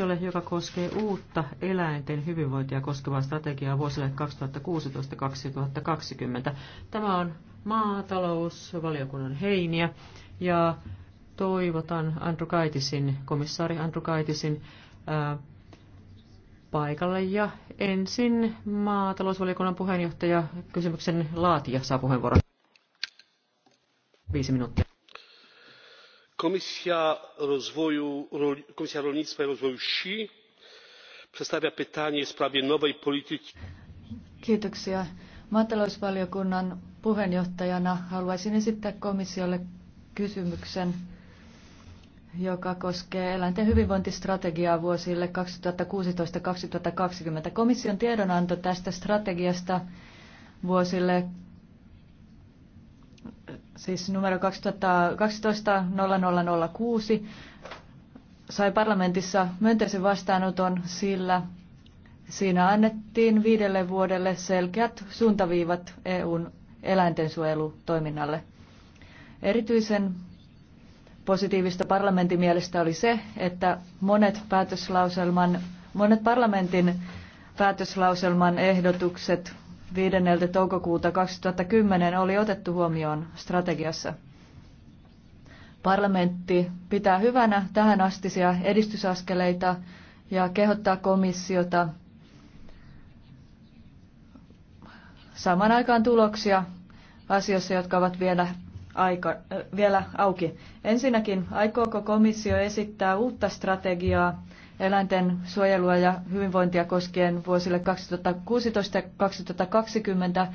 komissiolle, joka koskee uutta eläinten hyvinvointia koskevaa strategiaa vuosille 2016-2020. Tämä on maatalousvaliokunnan heiniä ja toivotan Andrew Kaitisin, komissaari Andrew Kaitisin ää, äh, paikalle. Ja ensin maatalousvaliokunnan puheenjohtaja, kysymyksen laatija saa puheenvuoron. Viisi minuuttia komisja rolnictwa i rozwoju wsi przedstawia pytanie w sprawie nowej polityki. kiitoksia. maatalousvaliokunnan puheenjohtajana haluaisin esittää komissiolle kysymyksen joka koskee eläinten hyvinvointistrategiaa vuosille 2016-2020. Komission tiedonanto tästä strategiasta vuosille siis numero 2012-0006, sai parlamentissa myönteisen vastaanoton, sillä siinä annettiin viidelle vuodelle selkeät suuntaviivat EUn eläintensuojelutoiminnalle. Erityisen positiivista parlamentin mielestä oli se, että monet, päätöslauselman, monet parlamentin päätöslauselman ehdotukset 5. toukokuuta 2010 oli otettu huomioon strategiassa. Parlamentti pitää hyvänä tähän astisia edistysaskeleita ja kehottaa komissiota saamaan aikaan tuloksia asioissa, jotka ovat vielä, aika, äh, vielä auki. Ensinnäkin, aikooko komissio esittää uutta strategiaa eläinten suojelua ja hyvinvointia koskien vuosille 2016 ja 2020.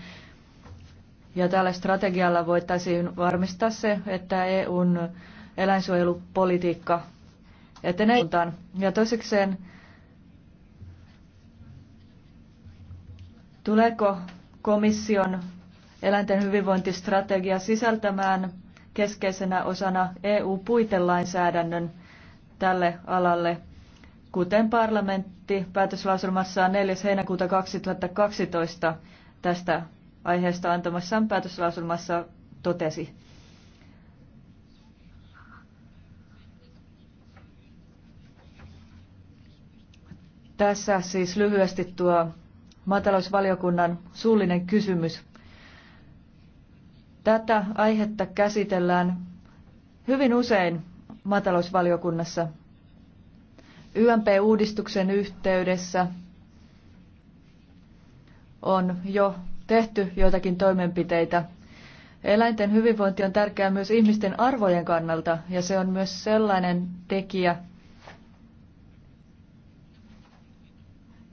Ja tällä strategialla voitaisiin varmistaa se, että EUn eläinsuojelupolitiikka etenee. Ja toisekseen, tuleeko komission eläinten hyvinvointistrategia sisältämään keskeisenä osana EU-puitelainsäädännön tälle alalle – kuten parlamentti päätöslauselmassaan 4. heinäkuuta 2012 tästä aiheesta antamassaan päätöslauselmassa totesi. Tässä siis lyhyesti tuo maatalousvaliokunnan suullinen kysymys. Tätä aihetta käsitellään hyvin usein maatalousvaliokunnassa YMP-uudistuksen yhteydessä on jo tehty joitakin toimenpiteitä. Eläinten hyvinvointi on tärkeää myös ihmisten arvojen kannalta ja se on myös sellainen tekijä,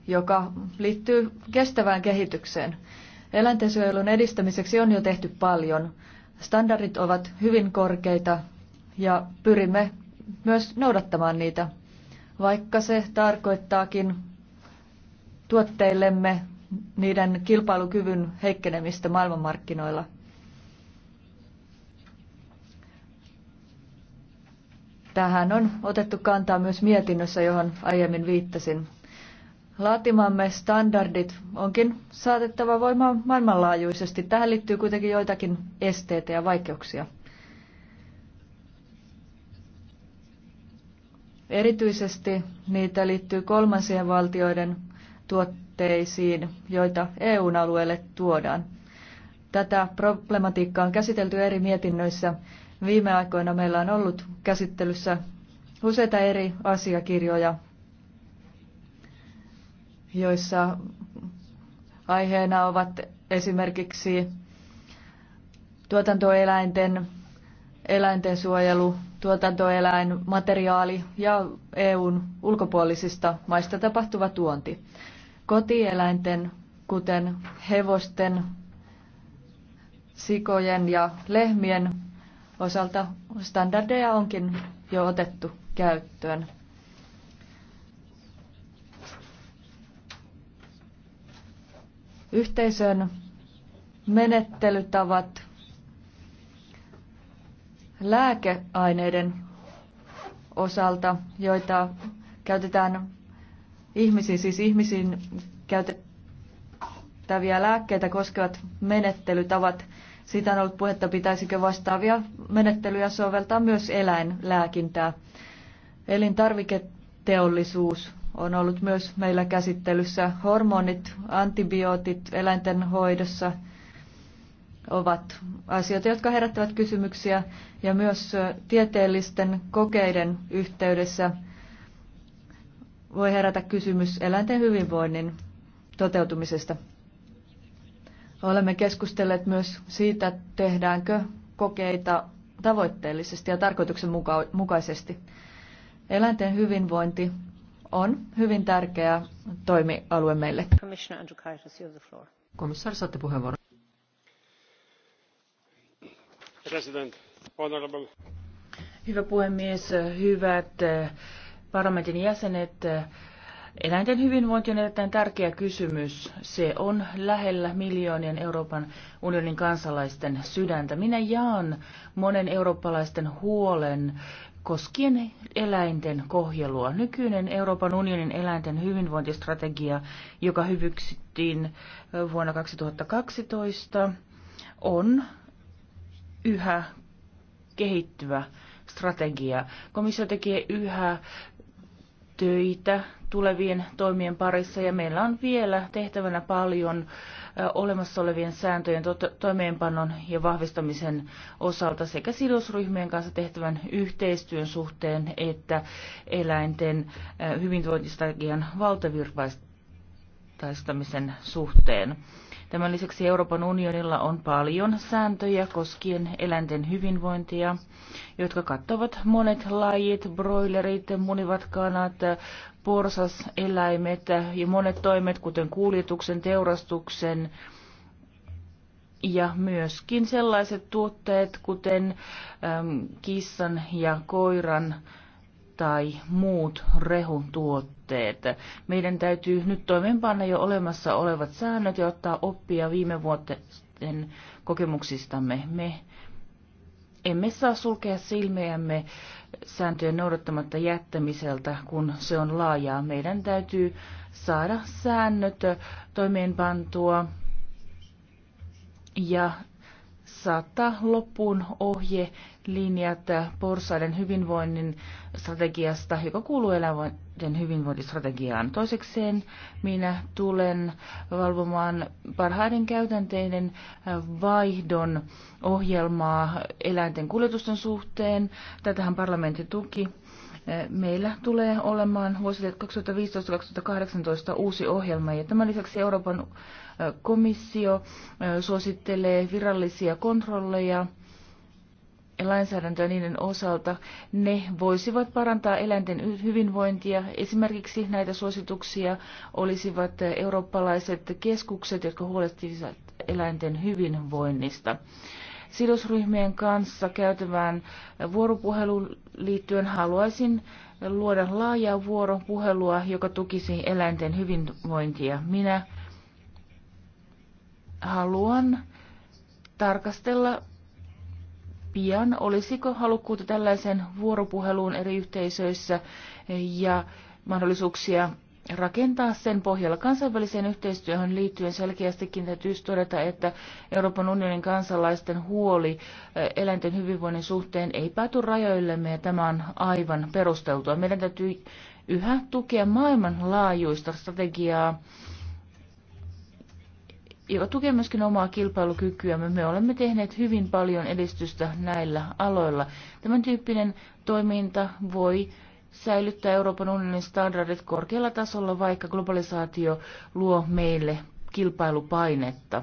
joka liittyy kestävään kehitykseen. Eläintensuojelun edistämiseksi on jo tehty paljon. Standardit ovat hyvin korkeita ja pyrimme myös noudattamaan niitä vaikka se tarkoittaakin tuotteillemme niiden kilpailukyvyn heikkenemistä maailmanmarkkinoilla. Tähän on otettu kantaa myös mietinnössä, johon aiemmin viittasin. Laatimamme standardit onkin saatettava voimaan maailmanlaajuisesti. Tähän liittyy kuitenkin joitakin esteitä ja vaikeuksia. Erityisesti niitä liittyy kolmansien valtioiden tuotteisiin, joita eu alueelle tuodaan. Tätä problematiikkaa on käsitelty eri mietinnöissä. Viime aikoina meillä on ollut käsittelyssä useita eri asiakirjoja, joissa aiheena ovat esimerkiksi tuotantoeläinten, eläinten suojelu, tuotantoeläinmateriaali ja EUn ulkopuolisista maista tapahtuva tuonti. Kotieläinten, kuten hevosten, sikojen ja lehmien osalta standardeja onkin jo otettu käyttöön. Yhteisön menettelytavat lääkeaineiden osalta, joita käytetään ihmisiin, siis ihmisiin käytettäviä lääkkeitä koskevat menettelytavat. Siitä on ollut puhetta, pitäisikö vastaavia menettelyjä soveltaa myös eläinlääkintää. Elintarviketeollisuus on ollut myös meillä käsittelyssä. Hormonit, antibiootit eläinten hoidossa – ovat asioita, jotka herättävät kysymyksiä ja myös tieteellisten kokeiden yhteydessä voi herätä kysymys eläinten hyvinvoinnin toteutumisesta. Olemme keskustelleet myös siitä, tehdäänkö kokeita tavoitteellisesti ja tarkoituksenmukaisesti. Eläinten hyvinvointi on hyvin tärkeä toimialue meille. Komissaari, saatte puheenvuoron. Hyvä puhemies, hyvät eh, parlamentin jäsenet. Eläinten hyvinvointi on erittäin tärkeä kysymys. Se on lähellä miljoonien Euroopan unionin kansalaisten sydäntä. Minä jaan monen eurooppalaisten huolen koskien eläinten kohjelua. Nykyinen Euroopan unionin eläinten hyvinvointistrategia, joka hyväksyttiin vuonna 2012, on yhä kehittyvä strategia. Komissio tekee yhä töitä tulevien toimien parissa ja meillä on vielä tehtävänä paljon olemassa olevien sääntöjen toimeenpanon ja vahvistamisen osalta sekä sidosryhmien kanssa tehtävän yhteistyön suhteen että eläinten hyvinvointistrategian valtavirtaistamisen suhteen. Tämän lisäksi Euroopan unionilla on paljon sääntöjä koskien eläinten hyvinvointia, jotka kattavat monet lajit, broilerit, munivat kanat, porsaseläimet ja monet toimet, kuten kuljetuksen, teurastuksen ja myöskin sellaiset tuotteet, kuten äm, kissan ja koiran tai muut rehutuotteet. Meidän täytyy nyt toimeenpanna jo olemassa olevat säännöt ja ottaa oppia viime vuoden kokemuksistamme. Me emme saa sulkea silmeämme sääntöjen noudattamatta jättämiseltä, kun se on laajaa. Meidän täytyy saada säännöt toimeenpantua ja saattaa loppuun ohje linjat porsaiden hyvinvoinnin strategiasta, joka kuuluu eläinten hyvinvointistrategiaan. Toisekseen minä tulen valvomaan parhaiden käytänteiden vaihdon ohjelmaa eläinten kuljetusten suhteen. Tätähän parlamentti tuki Meillä tulee olemaan vuosille 2015-2018 uusi ohjelma ja tämän lisäksi Euroopan komissio suosittelee virallisia kontrolleja lainsäädäntöä niiden osalta. Ne voisivat parantaa eläinten hyvinvointia. Esimerkiksi näitä suosituksia olisivat eurooppalaiset keskukset, jotka huolehtivat eläinten hyvinvoinnista. Sidosryhmien kanssa käytävään vuoropuheluun liittyen haluaisin luoda laajaa vuoropuhelua, joka tukisi eläinten hyvinvointia. Minä haluan tarkastella pian, olisiko halukkuutta tällaiseen vuoropuheluun eri yhteisöissä ja mahdollisuuksia rakentaa sen pohjalla. Kansainväliseen yhteistyöhön liittyen selkeästikin täytyy todeta, että Euroopan unionin kansalaisten huoli eh, eläinten hyvinvoinnin suhteen ei pääty rajoillemme ja tämä on aivan perusteltua. Meidän täytyy yhä tukea maailmanlaajuista strategiaa, joka tukee myöskin omaa kilpailukykyämme. Me olemme tehneet hyvin paljon edistystä näillä aloilla. Tämän tyyppinen toiminta voi säilyttää Euroopan unionin standardit korkealla tasolla, vaikka globalisaatio luo meille kilpailupainetta.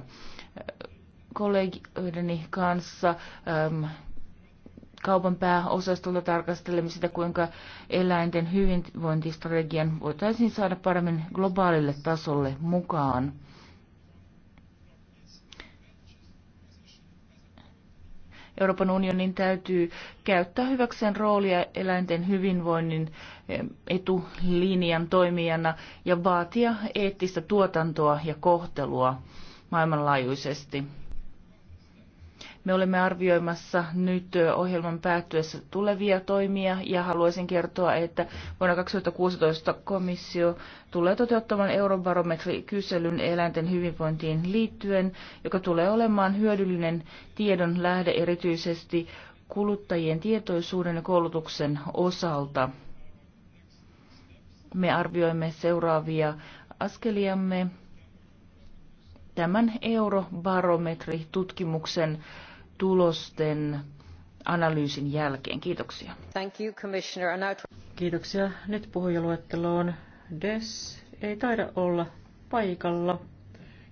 Kollegoideni kanssa äm, kaupan pääosastolta tarkastelemme sitä, kuinka eläinten hyvinvointistrategian voitaisiin saada paremmin globaalille tasolle mukaan. Euroopan unionin täytyy käyttää hyväkseen roolia eläinten hyvinvoinnin eh, etulinjan toimijana ja vaatia eettistä tuotantoa ja kohtelua maailmanlaajuisesti. Me olemme arvioimassa nyt ohjelman päättyessä tulevia toimia ja haluaisin kertoa, että vuonna 2016 komissio tulee toteuttamaan eurobarometrikyselyn eläinten hyvinvointiin liittyen, joka tulee olemaan hyödyllinen tiedon lähde erityisesti kuluttajien tietoisuuden ja koulutuksen osalta. Me arvioimme seuraavia askeliamme tämän eurobarometritutkimuksen tutkimuksen tulosten analyysin jälkeen. Kiitoksia. Thank you, Commissioner. Kiitoksia. Nyt puhujaluetteloon Des ei taida olla paikalla,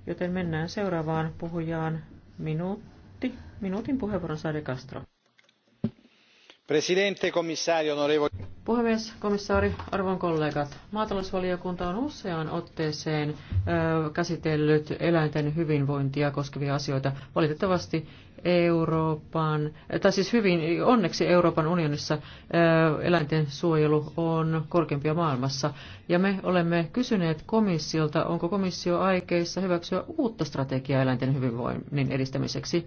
joten mennään seuraavaan puhujaan. Minuutti. Minuutin puheenvuoron saa De Castro. Puhemies, komissaari, arvon kollegat. Maatalousvaliokunta on useaan otteeseen käsitellyt eläinten hyvinvointia koskevia asioita. Valitettavasti Euroopan, tai siis hyvin, onneksi Euroopan unionissa eläinten suojelu on korkeampia maailmassa. Ja me olemme kysyneet komissiolta, onko komissio aikeissa hyväksyä uutta strategiaa eläinten hyvinvoinnin edistämiseksi.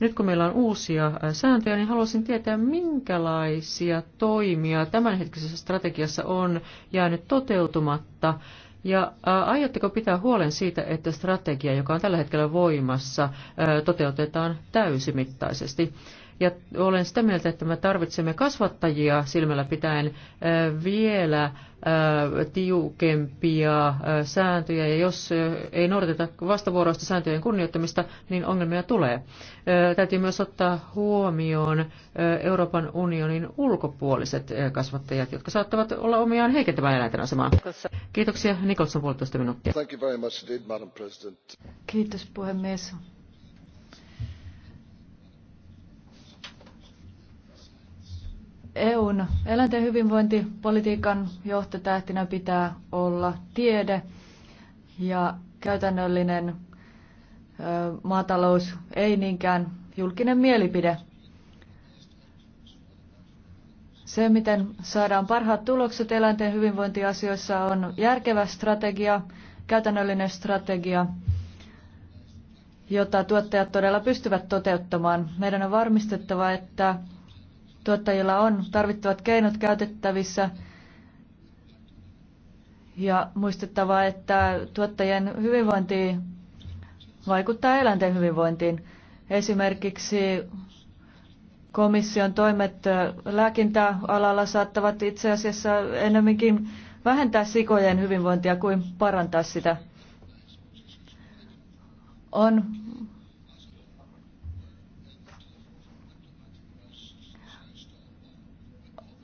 Nyt kun meillä on uusia sääntöjä, niin haluaisin tietää, minkälaisia toimia tämänhetkisessä strategiassa on jäänyt toteutumatta. Ja aiotteko pitää huolen siitä, että strategia, joka on tällä hetkellä voimassa, toteutetaan täysimittaisesti? Ja olen sitä mieltä, että me tarvitsemme kasvattajia silmällä pitäen vielä tiukempia sääntöjä. Ja jos ei noudateta vastavuoroista sääntöjen kunnioittamista, niin ongelmia tulee. Täytyy myös ottaa huomioon Euroopan unionin ulkopuoliset kasvattajat, jotka saattavat olla omiaan heikentämään eläinten asemaa. Kiitoksia. Nikolson puolitoista minuuttia. Kiitos puhemies. EUn eläinten hyvinvointipolitiikan johtotähtinä pitää olla tiede ja käytännöllinen maatalous, ei niinkään julkinen mielipide. Se, miten saadaan parhaat tulokset eläinten hyvinvointiasioissa, on järkevä strategia, käytännöllinen strategia, jota tuottajat todella pystyvät toteuttamaan. Meidän on varmistettava, että Tuottajilla on tarvittavat keinot käytettävissä ja muistettava, että tuottajien hyvinvointi vaikuttaa eläinten hyvinvointiin. Esimerkiksi komission toimet lääkintäalalla saattavat itse asiassa enemmänkin vähentää sikojen hyvinvointia kuin parantaa sitä. On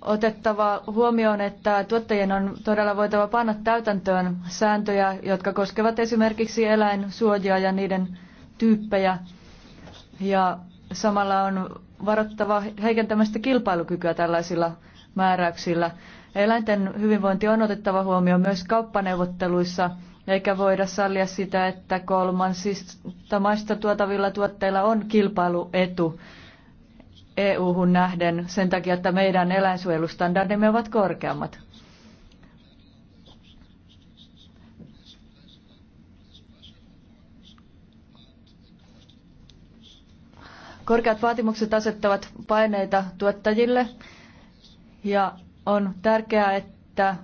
otettava huomioon, että tuottajien on todella voitava panna täytäntöön sääntöjä, jotka koskevat esimerkiksi eläinsuojia ja niiden tyyppejä. Ja samalla on varottava heikentämästä kilpailukykyä tällaisilla määräyksillä. Eläinten hyvinvointi on otettava huomioon myös kauppaneuvotteluissa, eikä voida sallia sitä, että kolmansista maista tuotavilla tuotteilla on kilpailuetu EU-hun nähden sen takia, että meidän eläinsuojelustandardimme ovat korkeammat. Korkeat vaatimukset asettavat paineita tuottajille ja on tärkeää, että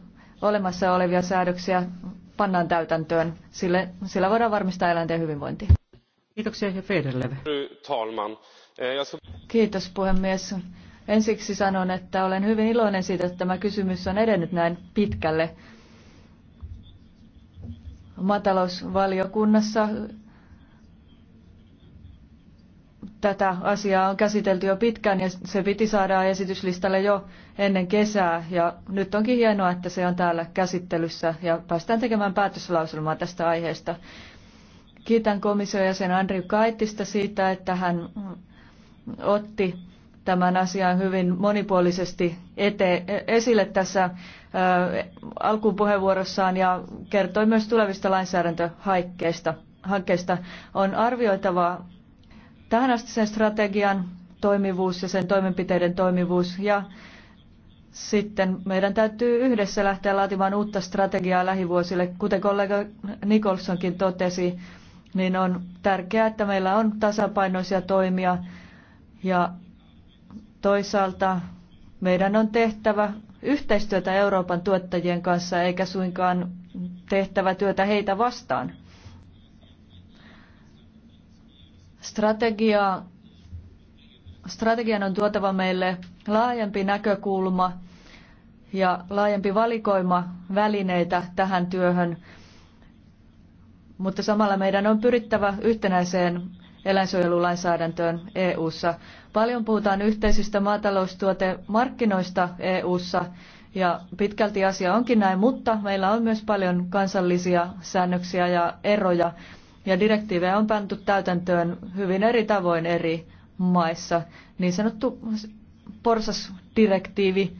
olemassa olevia säädöksiä pannaan täytäntöön. sillä voidaan varmistaa eläinten hyvinvointi. Kiitoksia ja Federleve. Fru talman. Kiitos puhemies. Ensiksi sanon, että olen hyvin iloinen siitä, että tämä kysymys on edennyt näin pitkälle. Maatalousvaliokunnassa tätä asiaa on käsitelty jo pitkään ja se piti saada esityslistalle jo ennen kesää. Ja nyt onkin hienoa, että se on täällä käsittelyssä ja päästään tekemään päätöslauselmaa tästä aiheesta. Kiitän komission jäsen Andri Kaittista siitä, että hän otti tämän asian hyvin monipuolisesti ete, esille tässä alkupuheenvuorossaan ja kertoi myös tulevista lainsäädäntöhankkeista. On arvioitava sen strategian toimivuus ja sen toimenpiteiden toimivuus ja sitten meidän täytyy yhdessä lähteä laatimaan uutta strategiaa lähivuosille. Kuten kollega Nikolsonkin totesi, niin on tärkeää, että meillä on tasapainoisia toimia ja toisaalta meidän on tehtävä yhteistyötä Euroopan tuottajien kanssa eikä suinkaan tehtävä työtä heitä vastaan. Strategia, strategian on tuotava meille laajempi näkökulma ja laajempi valikoima välineitä tähän työhön, mutta samalla meidän on pyrittävä yhtenäiseen eläinsuojelulainsäädäntöön EU:ssa. Paljon puhutaan yhteisistä maataloustuotemarkkinoista EU:ssa ja pitkälti asia onkin näin, mutta meillä on myös paljon kansallisia säännöksiä ja eroja ja direktiivejä on pantu täytäntöön hyvin eri tavoin eri maissa. Niin sanottu porsasdirektiivi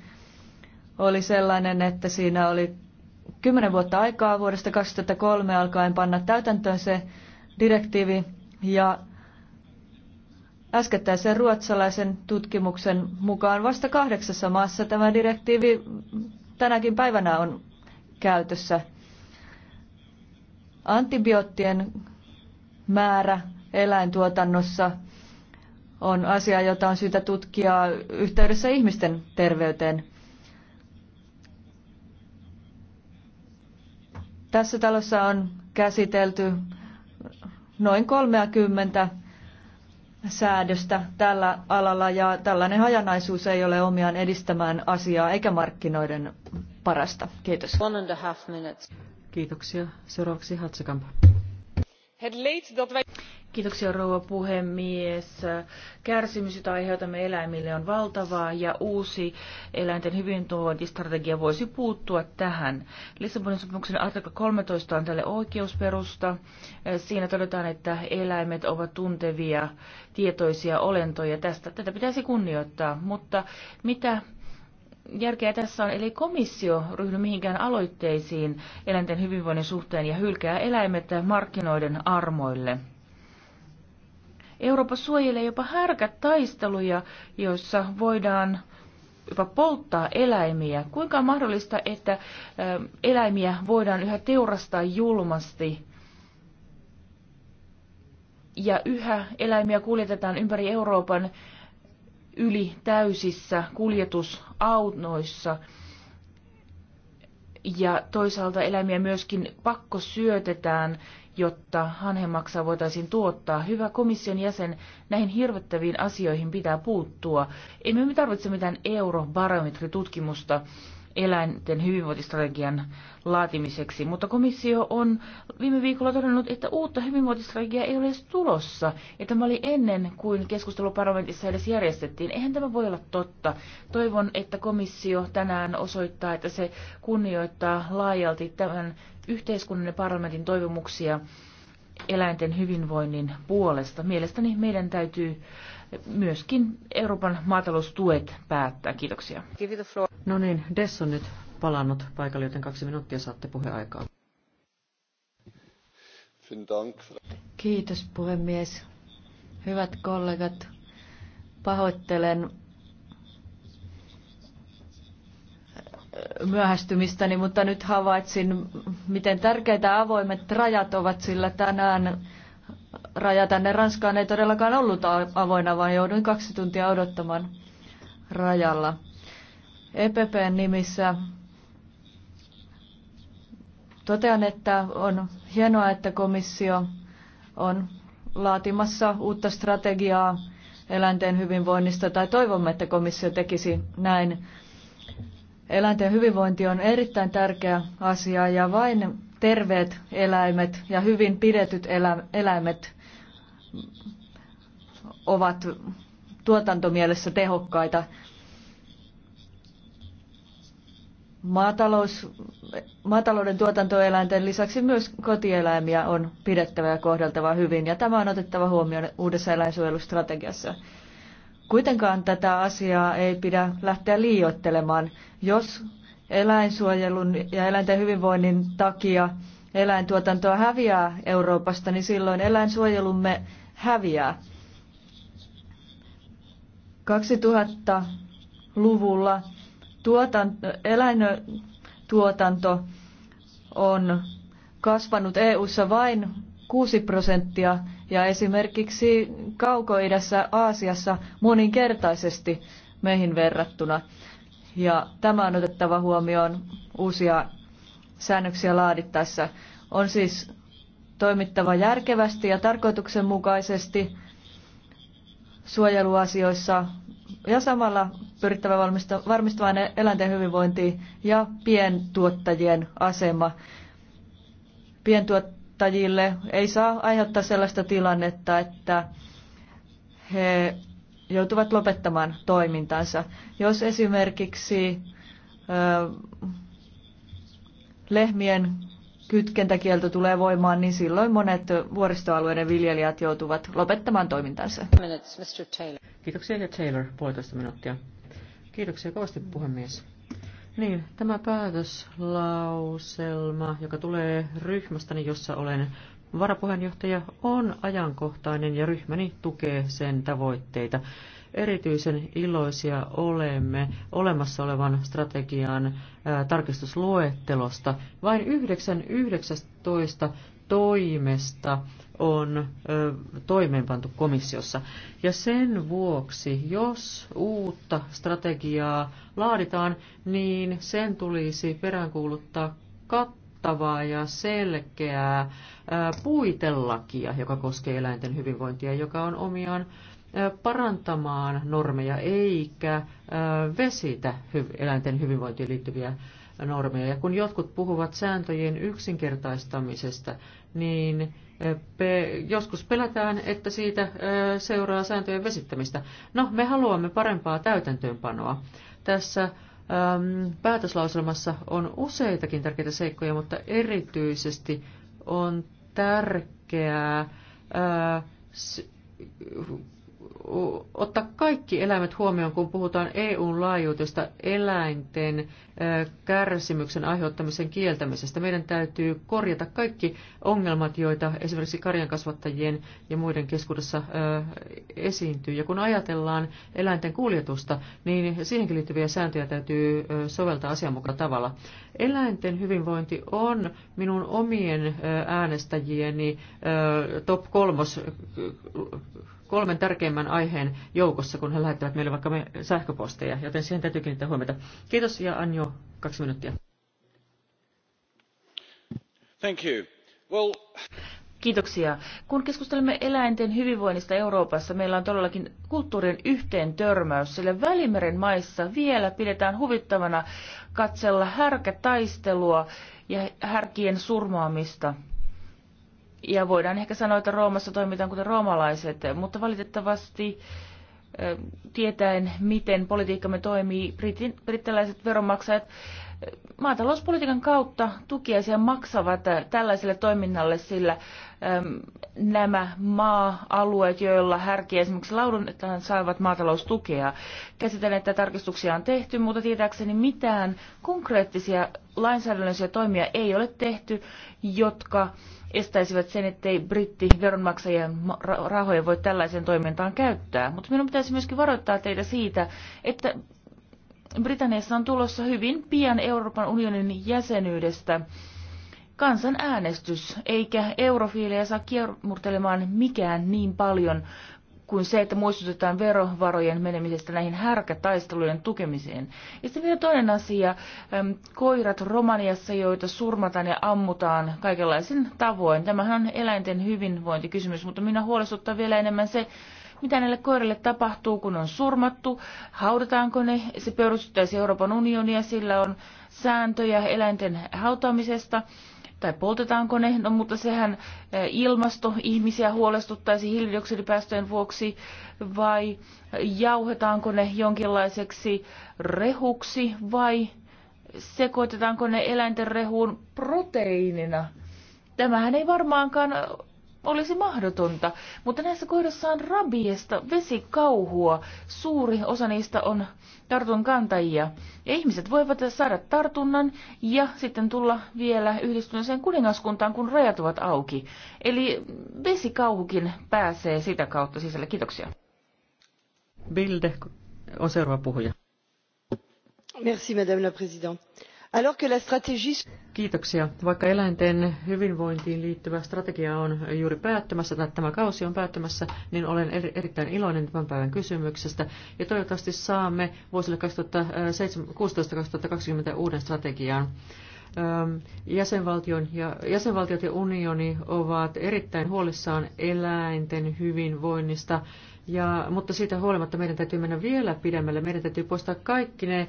oli sellainen, että siinä oli kymmenen vuotta aikaa vuodesta 2003 alkaen panna täytäntöön se direktiivi ja Äskettäisen ruotsalaisen tutkimuksen mukaan vasta kahdeksassa maassa tämä direktiivi tänäkin päivänä on käytössä. Antibioottien määrä eläintuotannossa on asia, jota on syytä tutkia yhteydessä ihmisten terveyteen. Tässä talossa on käsitelty noin 30 säädöstä tällä alalla ja tällainen hajanaisuus ei ole omiaan edistämään asiaa eikä markkinoiden parasta. Kiitos. Kiitoksia. Seuraavaksi Hatsakampa. Kiitoksia rouva puhemies. Kärsimys, jota aiheutamme eläimille, on valtavaa ja uusi eläinten hyvinvointistrategia voisi puuttua tähän. Lissabonin sopimuksen artikla 13 on tälle oikeusperusta. Siinä todetaan, että eläimet ovat tuntevia, tietoisia olentoja. Tästä, tätä pitäisi kunnioittaa, mutta mitä järkeä tässä on, eli komissio ryhdy mihinkään aloitteisiin eläinten hyvinvoinnin suhteen ja hylkää eläimet markkinoiden armoille. Eurooppa suojelee jopa härkät taisteluja, joissa voidaan jopa polttaa eläimiä. Kuinka on mahdollista, että eläimiä voidaan yhä teurastaa julmasti ja yhä eläimiä kuljetetaan ympäri Euroopan yli täysissä kuljetusautoissa ja toisaalta eläimiä myöskin pakko syötetään, jotta hanhemaksaa voitaisiin tuottaa. Hyvä komission jäsen, näihin hirvettäviin asioihin pitää puuttua. Emme me tarvitse mitään eurobarometritutkimusta. tutkimusta eläinten hyvinvointistrategian laatimiseksi, mutta komissio on viime viikolla todennut, että uutta hyvinvointistrategiaa ei ole edes tulossa, ja tämä oli ennen kuin keskustelu parlamentissa edes järjestettiin. Eihän tämä voi olla totta. Toivon, että komissio tänään osoittaa, että se kunnioittaa laajalti tämän yhteiskunnan ja parlamentin toivomuksia eläinten hyvinvoinnin puolesta. Mielestäni meidän täytyy myöskin Euroopan maataloustuet päättää. Kiitoksia. No niin, Dess on nyt palannut paikalle, joten kaksi minuuttia saatte puheaikaa. Kiitos puhemies. Hyvät kollegat, pahoittelen myöhästymistäni, mutta nyt havaitsin, miten tärkeitä avoimet rajat ovat, sillä tänään raja tänne Ranskaan ei todellakaan ollut avoinna, vaan jouduin kaksi tuntia odottamaan rajalla. EPPn nimissä totean, että on hienoa, että komissio on laatimassa uutta strategiaa eläinten hyvinvoinnista, tai toivomme, että komissio tekisi näin. Eläinten hyvinvointi on erittäin tärkeä asia, ja vain terveet eläimet ja hyvin pidetyt eläimet ovat tuotantomielessä tehokkaita. Maatalous, maatalouden tuotantoeläinten lisäksi myös kotieläimiä on pidettävä ja kohdeltava hyvin, ja tämä on otettava huomioon uudessa eläinsuojelustrategiassa. Kuitenkaan tätä asiaa ei pidä lähteä liioittelemaan. Jos eläinsuojelun ja eläinten hyvinvoinnin takia eläintuotantoa häviää Euroopasta, niin silloin eläinsuojelumme häviää. 2000-luvulla tuotanto, eläintuotanto on kasvanut EU:ssa vain 6 prosenttia ja esimerkiksi Kaukoidässä Aasiassa moninkertaisesti meihin verrattuna. Ja tämä on otettava huomioon uusia säännöksiä laadittaessa. On siis toimittava järkevästi ja tarkoituksenmukaisesti suojeluasioissa ja samalla pyrittävä varmistamaan eläinten hyvinvointi ja pientuottajien asema. Pientuottajille ei saa aiheuttaa sellaista tilannetta, että he joutuvat lopettamaan toimintansa. Jos esimerkiksi lehmien kytkentäkielto tulee voimaan, niin silloin monet vuoristoalueiden viljelijät joutuvat lopettamaan toimintansa. Kiitoksia ja Taylor, puolitoista minuuttia. Kiitoksia kovasti puhemies. Niin, tämä päätöslauselma, joka tulee ryhmästäni, jossa olen varapuheenjohtaja, on ajankohtainen ja ryhmäni tukee sen tavoitteita. Erityisen iloisia olemme olemassa olevan strategian tarkistusluettelosta. Vain 9 19 toimesta on toimeenpantu komissiossa. Ja sen vuoksi, jos uutta strategiaa laaditaan, niin sen tulisi peräänkuuluttaa kattavaa ja selkeää puitelakia, joka koskee eläinten hyvinvointia, joka on omiaan parantamaan normeja eikä vesitä eläinten hyvinvointiin liittyviä normeja. Ja kun jotkut puhuvat sääntöjen yksinkertaistamisesta, niin joskus pelätään, että siitä seuraa sääntöjen vesittämistä. No, me haluamme parempaa täytäntöönpanoa. Tässä päätöslauselmassa on useitakin tärkeitä seikkoja, mutta erityisesti on tärkeää ottaa kaikki eläimet huomioon, kun puhutaan EUn laajuudesta eläinten kärsimyksen aiheuttamisen kieltämisestä. Meidän täytyy korjata kaikki ongelmat, joita esimerkiksi karjankasvattajien ja muiden keskuudessa esiintyy. Ja kun ajatellaan eläinten kuljetusta, niin siihenkin liittyviä sääntöjä täytyy soveltaa asianmukaisella tavalla. Eläinten hyvinvointi on minun omien äänestäjieni top kolmos kolmen tärkeimmän aiheen joukossa, kun he lähettävät meille vaikka me sähköposteja, joten siihen täytyy kiinnittää huomiota. Kiitos ja Anjo, kaksi minuuttia. Thank you. Well... Kiitoksia. Kun keskustelemme eläinten hyvinvoinnista Euroopassa, meillä on todellakin kulttuurin yhteen törmäys, sillä Välimeren maissa vielä pidetään huvittavana katsella härkätaistelua ja härkien surmaamista. Ja voidaan ehkä sanoa, että Roomassa toimitaan kuten roomalaiset, mutta valitettavasti tietäen, miten politiikkamme toimii, britin, brittiläiset veronmaksajat maatalouspolitiikan kautta tukiaisia maksavat tällaiselle toiminnalle, sillä äm, nämä maa-alueet, joilla härkiä esimerkiksi että saavat maataloustukea. Käsitän, että tarkistuksia on tehty, mutta tietääkseni mitään konkreettisia lainsäädännöllisiä toimia ei ole tehty, jotka estäisivät sen, ettei britti veronmaksajien rahoja voi tällaiseen toimintaan käyttää. Mutta minun pitäisi myöskin varoittaa teitä siitä, että Britanniassa on tulossa hyvin pian Euroopan unionin jäsenyydestä kansanäänestys, eikä eurofiileja saa kiemurtelemaan mikään niin paljon kuin se, että muistutetaan verovarojen menemisestä näihin härkätaistelujen tukemiseen. Ja sitten vielä toinen asia, koirat Romaniassa, joita surmataan ja ammutaan kaikenlaisin tavoin. Tämähän on eläinten hyvinvointikysymys, mutta minä huolestuttaa vielä enemmän se, mitä näille koirille tapahtuu, kun on surmattu, haudataanko ne, se perustuttaisi Euroopan unionia, sillä on sääntöjä eläinten hautaamisesta tai poltetaanko ne, no mutta sehän eh, ilmasto ihmisiä huolestuttaisi hiilidioksidipäästöjen vuoksi, vai jauhetaanko ne jonkinlaiseksi rehuksi, vai sekoitetaanko ne eläinten rehuun proteiinina. Tämähän ei varmaankaan olisi mahdotonta, mutta näissä kohdissa on rabiesta vesikauhua. Suuri osa niistä on tartun kantajia. Ja ihmiset voivat saada tartunnan ja sitten tulla vielä yhdistyneeseen kuningaskuntaan, kun rajat ovat auki. Eli vesikauhukin pääsee sitä kautta sisälle. Kiitoksia. Bilde on seuraava puhuja. Merci, madame la présidente Kiitoksia. Vaikka eläinten hyvinvointiin liittyvä strategia on juuri päättymässä tai tämä kausi on päättymässä, niin olen erittäin iloinen tämän päivän kysymyksestä. Ja toivottavasti saamme vuosille 2016-2020 uuden strategian. Jäsenvaltion ja, jäsenvaltiot ja unioni ovat erittäin huolissaan eläinten hyvinvoinnista ja, mutta siitä huolimatta meidän täytyy mennä vielä pidemmälle. Meidän täytyy poistaa kaikki ne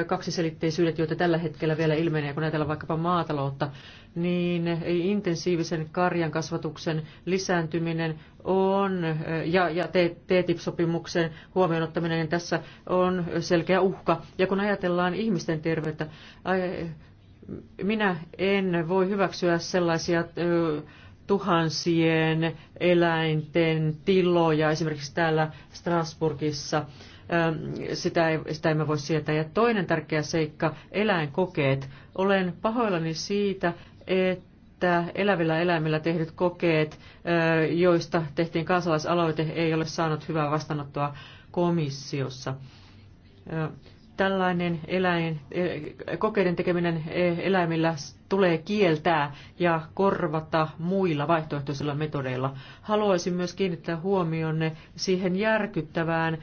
ö, kaksiselitteisyydet, joita tällä hetkellä vielä ilmenee, kun ajatellaan vaikkapa maataloutta, niin e, intensiivisen karjan kasvatuksen lisääntyminen on, ja, ja TTIP-sopimuksen huomioon ottaminen tässä on selkeä uhka. Ja kun ajatellaan ihmisten terveyttä, minä en voi hyväksyä sellaisia... Ö, tuhansien eläinten tiloja, esimerkiksi täällä Strasburgissa. Ähm, sitä, ei, sitä emme voi sietää. Ja toinen tärkeä seikka, eläinkokeet. Olen pahoillani siitä, että elävillä eläimillä tehdyt kokeet, äh, joista tehtiin kansalaisaloite, ei ole saanut hyvää vastaanottoa komissiossa äh, tällainen eläin, e, kokeiden tekeminen e, eläimillä tulee kieltää ja korvata muilla vaihtoehtoisilla metodeilla. Haluaisin myös kiinnittää huomionne siihen järkyttävään e,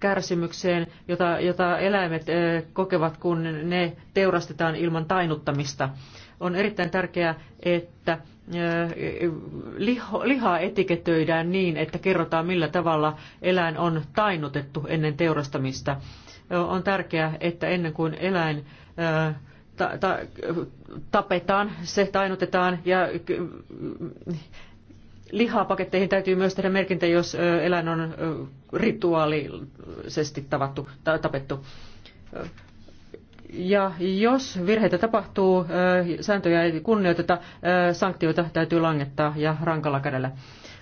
kärsimykseen, jota, jota eläimet kokevat, kun ne teurastetaan ilman tainuttamista. On erittäin tärkeää, että lihaa etiketöidään niin, että kerrotaan millä tavalla eläin on tainutettu ennen teurastamista on tärkeää, että ennen kuin eläin ta- ta- tapetaan, se tainnutetaan ja lihapaketteihin täytyy myös tehdä merkintä, jos eläin on rituaalisesti tavattu, tapettu. Ja jos virheitä tapahtuu, sääntöjä ei kunnioiteta, sanktioita täytyy langettaa ja rankalla kädellä.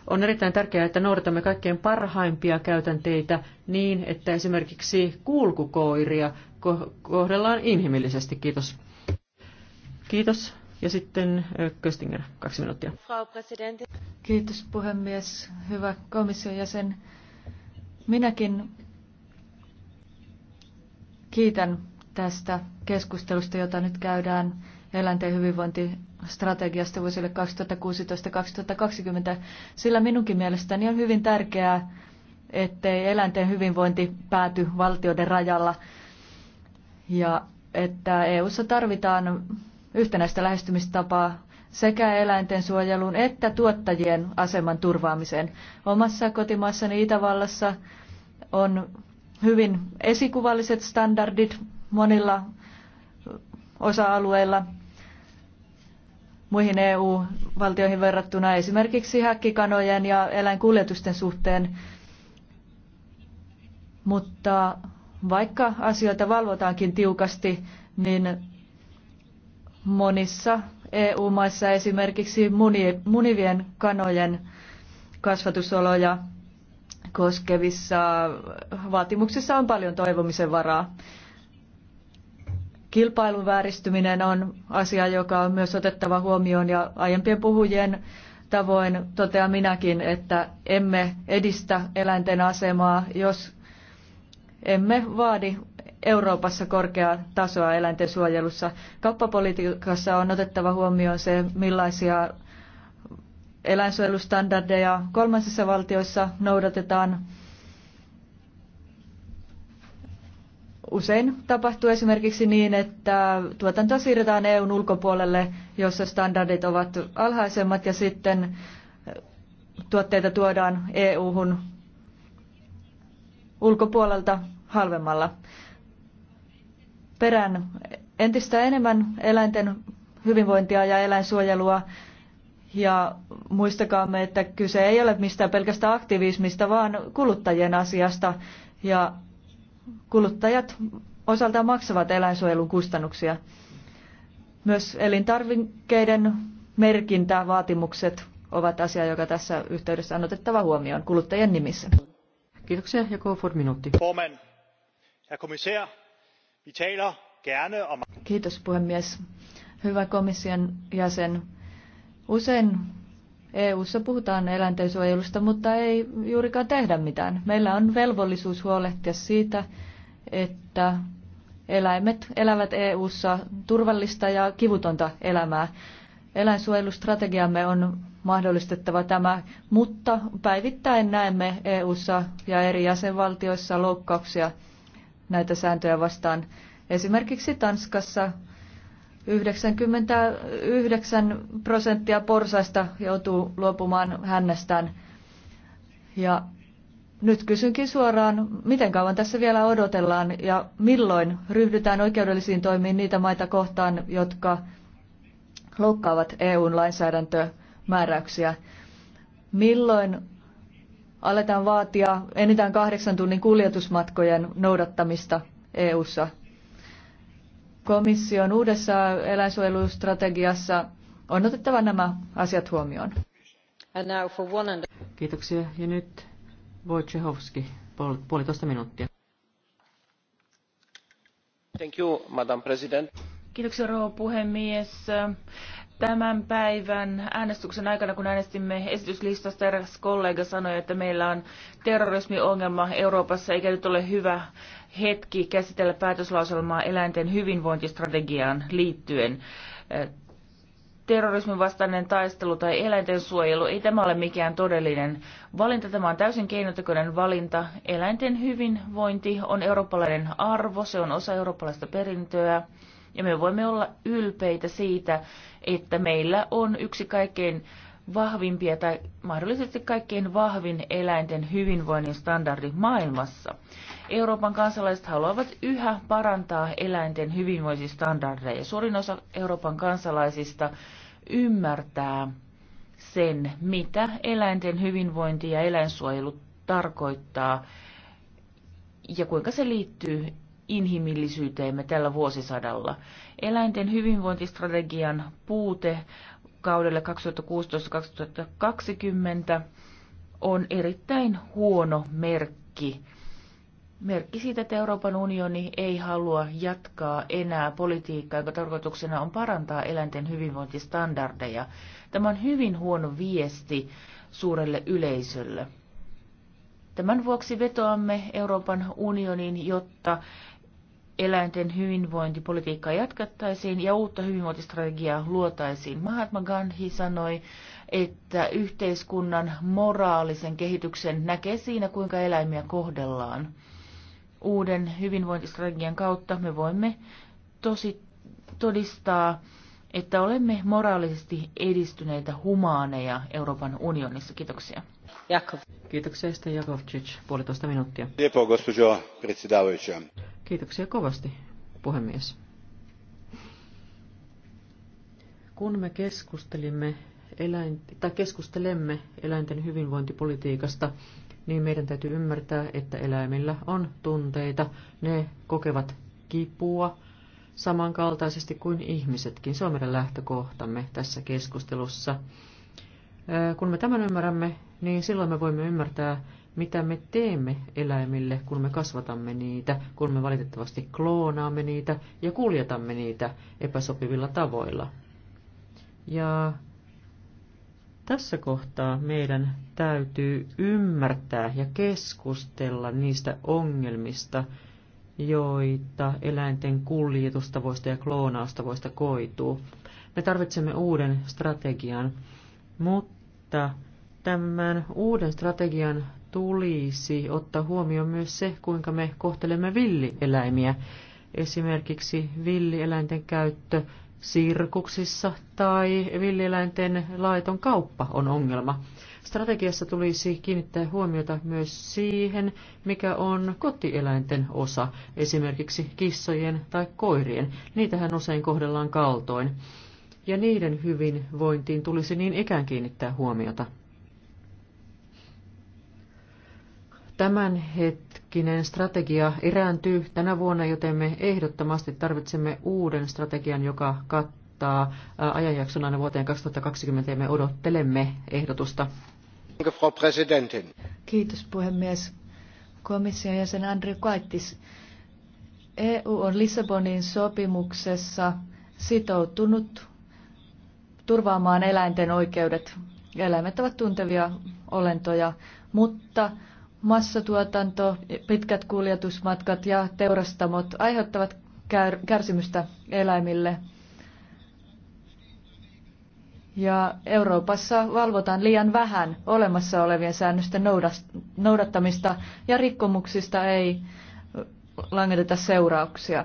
On erittäin tärkeää, että noudatamme kaikkein parhaimpia käytänteitä niin, että esimerkiksi kulkukoiria kohdellaan inhimillisesti. Kiitos. Kiitos. Ja sitten äh, Köstinger, kaksi minuuttia. Kiitos puhemies. Hyvä komission jäsen. Minäkin kiitän tästä keskustelusta, jota nyt käydään eläinten hyvinvointi strategiasta vuosille 2016-2020, sillä minunkin mielestäni on hyvin tärkeää, ettei eläinten hyvinvointi pääty valtioiden rajalla ja että EU:ssa tarvitaan yhtenäistä lähestymistapaa sekä eläinten suojeluun että tuottajien aseman turvaamiseen. Omassa kotimaassani Itävallassa on hyvin esikuvalliset standardit monilla osa-alueilla muihin EU-valtioihin verrattuna esimerkiksi häkkikanojen ja eläinkuljetusten suhteen. Mutta vaikka asioita valvotaankin tiukasti, niin monissa EU-maissa esimerkiksi munivien kanojen kasvatusoloja koskevissa vaatimuksissa on paljon toivomisen varaa. Kilpailun vääristyminen on asia, joka on myös otettava huomioon ja aiempien puhujien tavoin totean minäkin, että emme edistä eläinten asemaa, jos emme vaadi Euroopassa korkeaa tasoa eläinten suojelussa. Kauppapolitiikassa on otettava huomioon se, millaisia eläinsuojelustandardeja kolmansissa valtioissa noudatetaan Usein tapahtuu esimerkiksi niin, että tuotanto siirretään EUn ulkopuolelle, jossa standardit ovat alhaisemmat ja sitten tuotteita tuodaan EU:hun ulkopuolelta halvemmalla. Perään entistä enemmän eläinten hyvinvointia ja eläinsuojelua ja muistakaamme, että kyse ei ole mistään pelkästä aktivismista, vaan kuluttajien asiasta ja kuluttajat osaltaan maksavat eläinsuojelun kustannuksia. Myös elintarvikkeiden vaatimukset ovat asia, joka tässä yhteydessä on otettava huomioon kuluttajien nimissä. Kiitoksia. Ja Kofod minuutti. Kiitos puhemies. Hyvä komission jäsen. Usein EU:ssa puhutaan eläintensuojelusta, mutta ei juurikaan tehdä mitään. Meillä on velvollisuus huolehtia siitä, että eläimet elävät EU:ssa turvallista ja kivutonta elämää. Eläinsuojelustrategiamme on mahdollistettava tämä, mutta päivittäin näemme EU:ssa ja eri jäsenvaltioissa loukkauksia näitä sääntöjä vastaan. Esimerkiksi Tanskassa 99 prosenttia porsaista joutuu luopumaan hännästään. Ja nyt kysynkin suoraan, miten kauan tässä vielä odotellaan ja milloin ryhdytään oikeudellisiin toimiin niitä maita kohtaan, jotka loukkaavat EUn lainsäädäntömääräyksiä. Milloin aletaan vaatia enintään kahdeksan tunnin kuljetusmatkojen noudattamista EUssa Komission uudessa eläinsuojelustrategiassa on otettava nämä asiat huomioon. Kiitoksia. Ja nyt Wojciechowski, puolitoista minuuttia. Thank you, Madam President. Kiitoksia, rouva puhemies. Tämän päivän äänestyksen aikana, kun äänestimme esityslistasta, eräs kollega sanoi, että meillä on terrorismiongelma Euroopassa, eikä nyt ole hyvä hetki käsitellä päätöslauselmaa eläinten hyvinvointistrategiaan liittyen. Terrorismin vastainen taistelu tai eläinten suojelu ei tämä ole mikään todellinen valinta. Tämä on täysin keinotekoinen valinta. Eläinten hyvinvointi on eurooppalainen arvo, se on osa eurooppalaista perintöä. Ja me voimme olla ylpeitä siitä, että meillä on yksi kaikkein vahvimpia tai mahdollisesti kaikkein vahvin eläinten hyvinvoinnin standardi maailmassa. Euroopan kansalaiset haluavat yhä parantaa eläinten hyvinvointistandardeja. Suurin osa Euroopan kansalaisista ymmärtää sen, mitä eläinten hyvinvointi ja eläinsuojelu tarkoittaa ja kuinka se liittyy inhimillisyyteemme tällä vuosisadalla. Eläinten hyvinvointistrategian puute kaudelle 2016-2020 on erittäin huono merkki merkki siitä, että Euroopan unioni ei halua jatkaa enää politiikkaa, joka tarkoituksena on parantaa eläinten hyvinvointistandardeja. Tämä on hyvin huono viesti suurelle yleisölle. Tämän vuoksi vetoamme Euroopan unionin, jotta eläinten hyvinvointipolitiikkaa jatkattaisiin ja uutta hyvinvointistrategiaa luotaisiin. Mahatma Gandhi sanoi, että yhteiskunnan moraalisen kehityksen näkee siinä, kuinka eläimiä kohdellaan uuden hyvinvointistrategian kautta me voimme tosi todistaa, että olemme moraalisesti edistyneitä humaaneja Euroopan unionissa. Kiitoksia. Jakov. Kiitoksia, Este Jakovčić. Puolitoista minuuttia. Kiitoksia kovasti, puhemies. Kun me keskustelimme eläin, tai keskustelemme eläinten hyvinvointipolitiikasta, niin meidän täytyy ymmärtää, että eläimillä on tunteita. Ne kokevat kipua samankaltaisesti kuin ihmisetkin. Se on meidän lähtökohtamme tässä keskustelussa. Kun me tämän ymmärrämme, niin silloin me voimme ymmärtää, mitä me teemme eläimille, kun me kasvatamme niitä, kun me valitettavasti kloonaamme niitä ja kuljetamme niitä epäsopivilla tavoilla. Ja tässä kohtaa meidän täytyy ymmärtää ja keskustella niistä ongelmista, joita eläinten kuljetustavoista ja kloonaustavoista koituu. Me tarvitsemme uuden strategian, mutta tämän uuden strategian tulisi ottaa huomioon myös se, kuinka me kohtelemme villieläimiä. Esimerkiksi villieläinten käyttö sirkuksissa tai villieläinten laiton kauppa on ongelma. Strategiassa tulisi kiinnittää huomiota myös siihen, mikä on kotieläinten osa, esimerkiksi kissojen tai koirien. Niitähän usein kohdellaan kaltoin. Ja niiden hyvinvointiin tulisi niin ikään kiinnittää huomiota. Tämänhetkinen strategia erääntyy tänä vuonna, joten me ehdottomasti tarvitsemme uuden strategian, joka kattaa ajanjakson aina vuoteen 2020 ja me odottelemme ehdotusta. Kiitos puhemies. Komission jäsen Andri Kaittis. EU on Lissabonin sopimuksessa sitoutunut turvaamaan eläinten oikeudet. Eläimet ovat tuntevia olentoja, mutta Massatuotanto, pitkät kuljetusmatkat ja teurastamot aiheuttavat kärsimystä eläimille. Ja Euroopassa valvotaan liian vähän olemassa olevien säännösten noudattamista ja rikkomuksista ei langeteta seurauksia.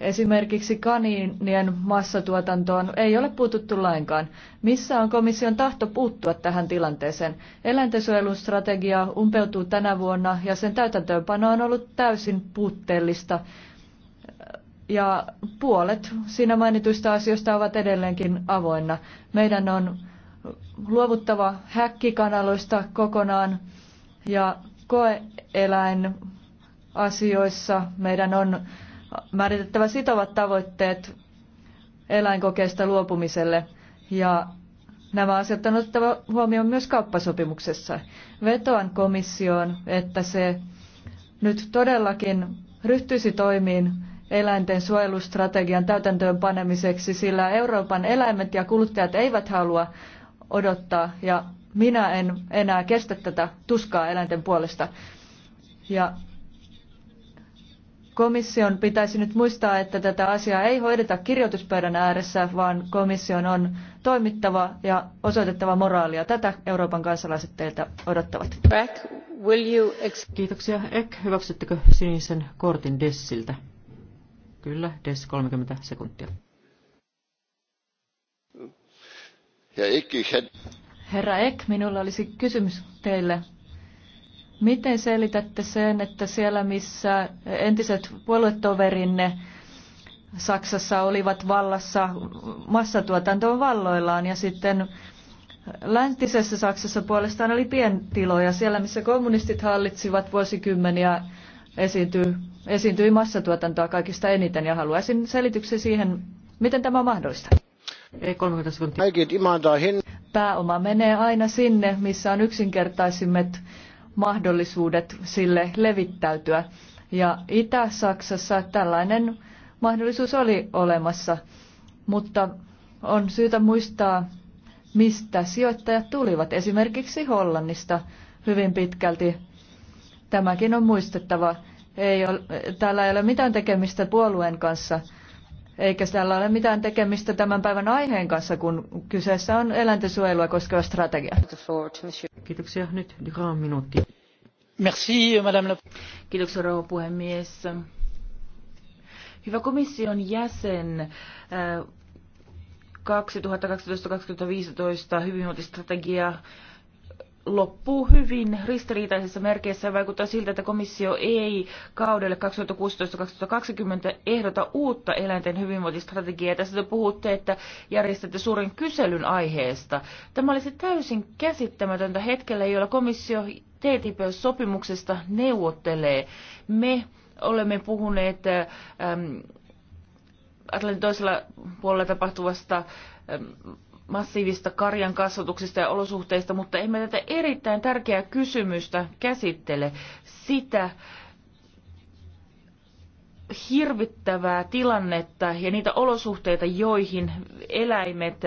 Esimerkiksi kaniinien massatuotantoon ei ole puututtu lainkaan. Missä on komission tahto puuttua tähän tilanteeseen? Eläintensuojelun strategia umpeutuu tänä vuonna ja sen täytäntöönpano on ollut täysin puutteellista. Ja puolet siinä mainituista asioista ovat edelleenkin avoinna. Meidän on luovuttava häkkikanaloista kokonaan ja koeeläin asioissa meidän on määritettävä sitovat tavoitteet eläinkokeista luopumiselle ja nämä asiat on otettava huomioon myös kauppasopimuksessa. Vetoan komissioon, että se nyt todellakin ryhtyisi toimiin eläinten suojelustrategian täytäntöön panemiseksi, sillä Euroopan eläimet ja kuluttajat eivät halua odottaa ja minä en enää kestä tätä tuskaa eläinten puolesta. Ja komission pitäisi nyt muistaa, että tätä asiaa ei hoideta kirjoituspöydän ääressä, vaan komission on toimittava ja osoitettava moraalia. Tätä Euroopan kansalaiset teiltä odottavat. Back, you... Kiitoksia. Ek, hyväksyttekö sinisen kortin Dessiltä? Kyllä, Dess, 30 sekuntia. Herra Ek, minulla olisi kysymys teille. Miten selitätte sen, että siellä missä entiset puoluetoverinne Saksassa olivat vallassa, massatuotanto on valloillaan ja sitten läntisessä Saksassa puolestaan oli pientiloja. Siellä missä kommunistit hallitsivat vuosikymmeniä esiintyi, esiintyi massatuotantoa kaikista eniten ja haluaisin selityksen siihen, miten tämä on mahdollista. Ei 30 sekuntia. Pääoma menee aina sinne, missä on yksinkertaisimmat mahdollisuudet sille levittäytyä. Ja Itä-Saksassa tällainen mahdollisuus oli olemassa, mutta on syytä muistaa, mistä sijoittajat tulivat. Esimerkiksi Hollannista hyvin pitkälti. Tämäkin on muistettava. Ei ole, täällä ei ole mitään tekemistä puolueen kanssa eikä tällä ole mitään tekemistä tämän päivän aiheen kanssa, kun kyseessä on eläintensuojelua koskeva strategia. Kiitoksia. Nyt Duran minuutti. Merci, madame la... Kiitoksia, rouva puhemies. Hyvä komission jäsen, 2012-2015 äh, hyvinvointistrategia loppuu hyvin ristiriitaisissa merkeissä ja vaikuttaa siltä, että komissio ei kaudelle 2016-2020 ehdota uutta eläinten hyvinvointistrategiaa. Tässä te puhutte, että järjestätte suuren kyselyn aiheesta. Tämä olisi täysin käsittämätöntä hetkellä, jolla komissio TTIP-sopimuksesta neuvottelee. Me olemme puhuneet äm, Atlantin toisella puolella tapahtuvasta ähm, massiivista karjan kasvatuksista ja olosuhteista, mutta emme tätä erittäin tärkeää kysymystä käsittele. Sitä hirvittävää tilannetta ja niitä olosuhteita, joihin eläimet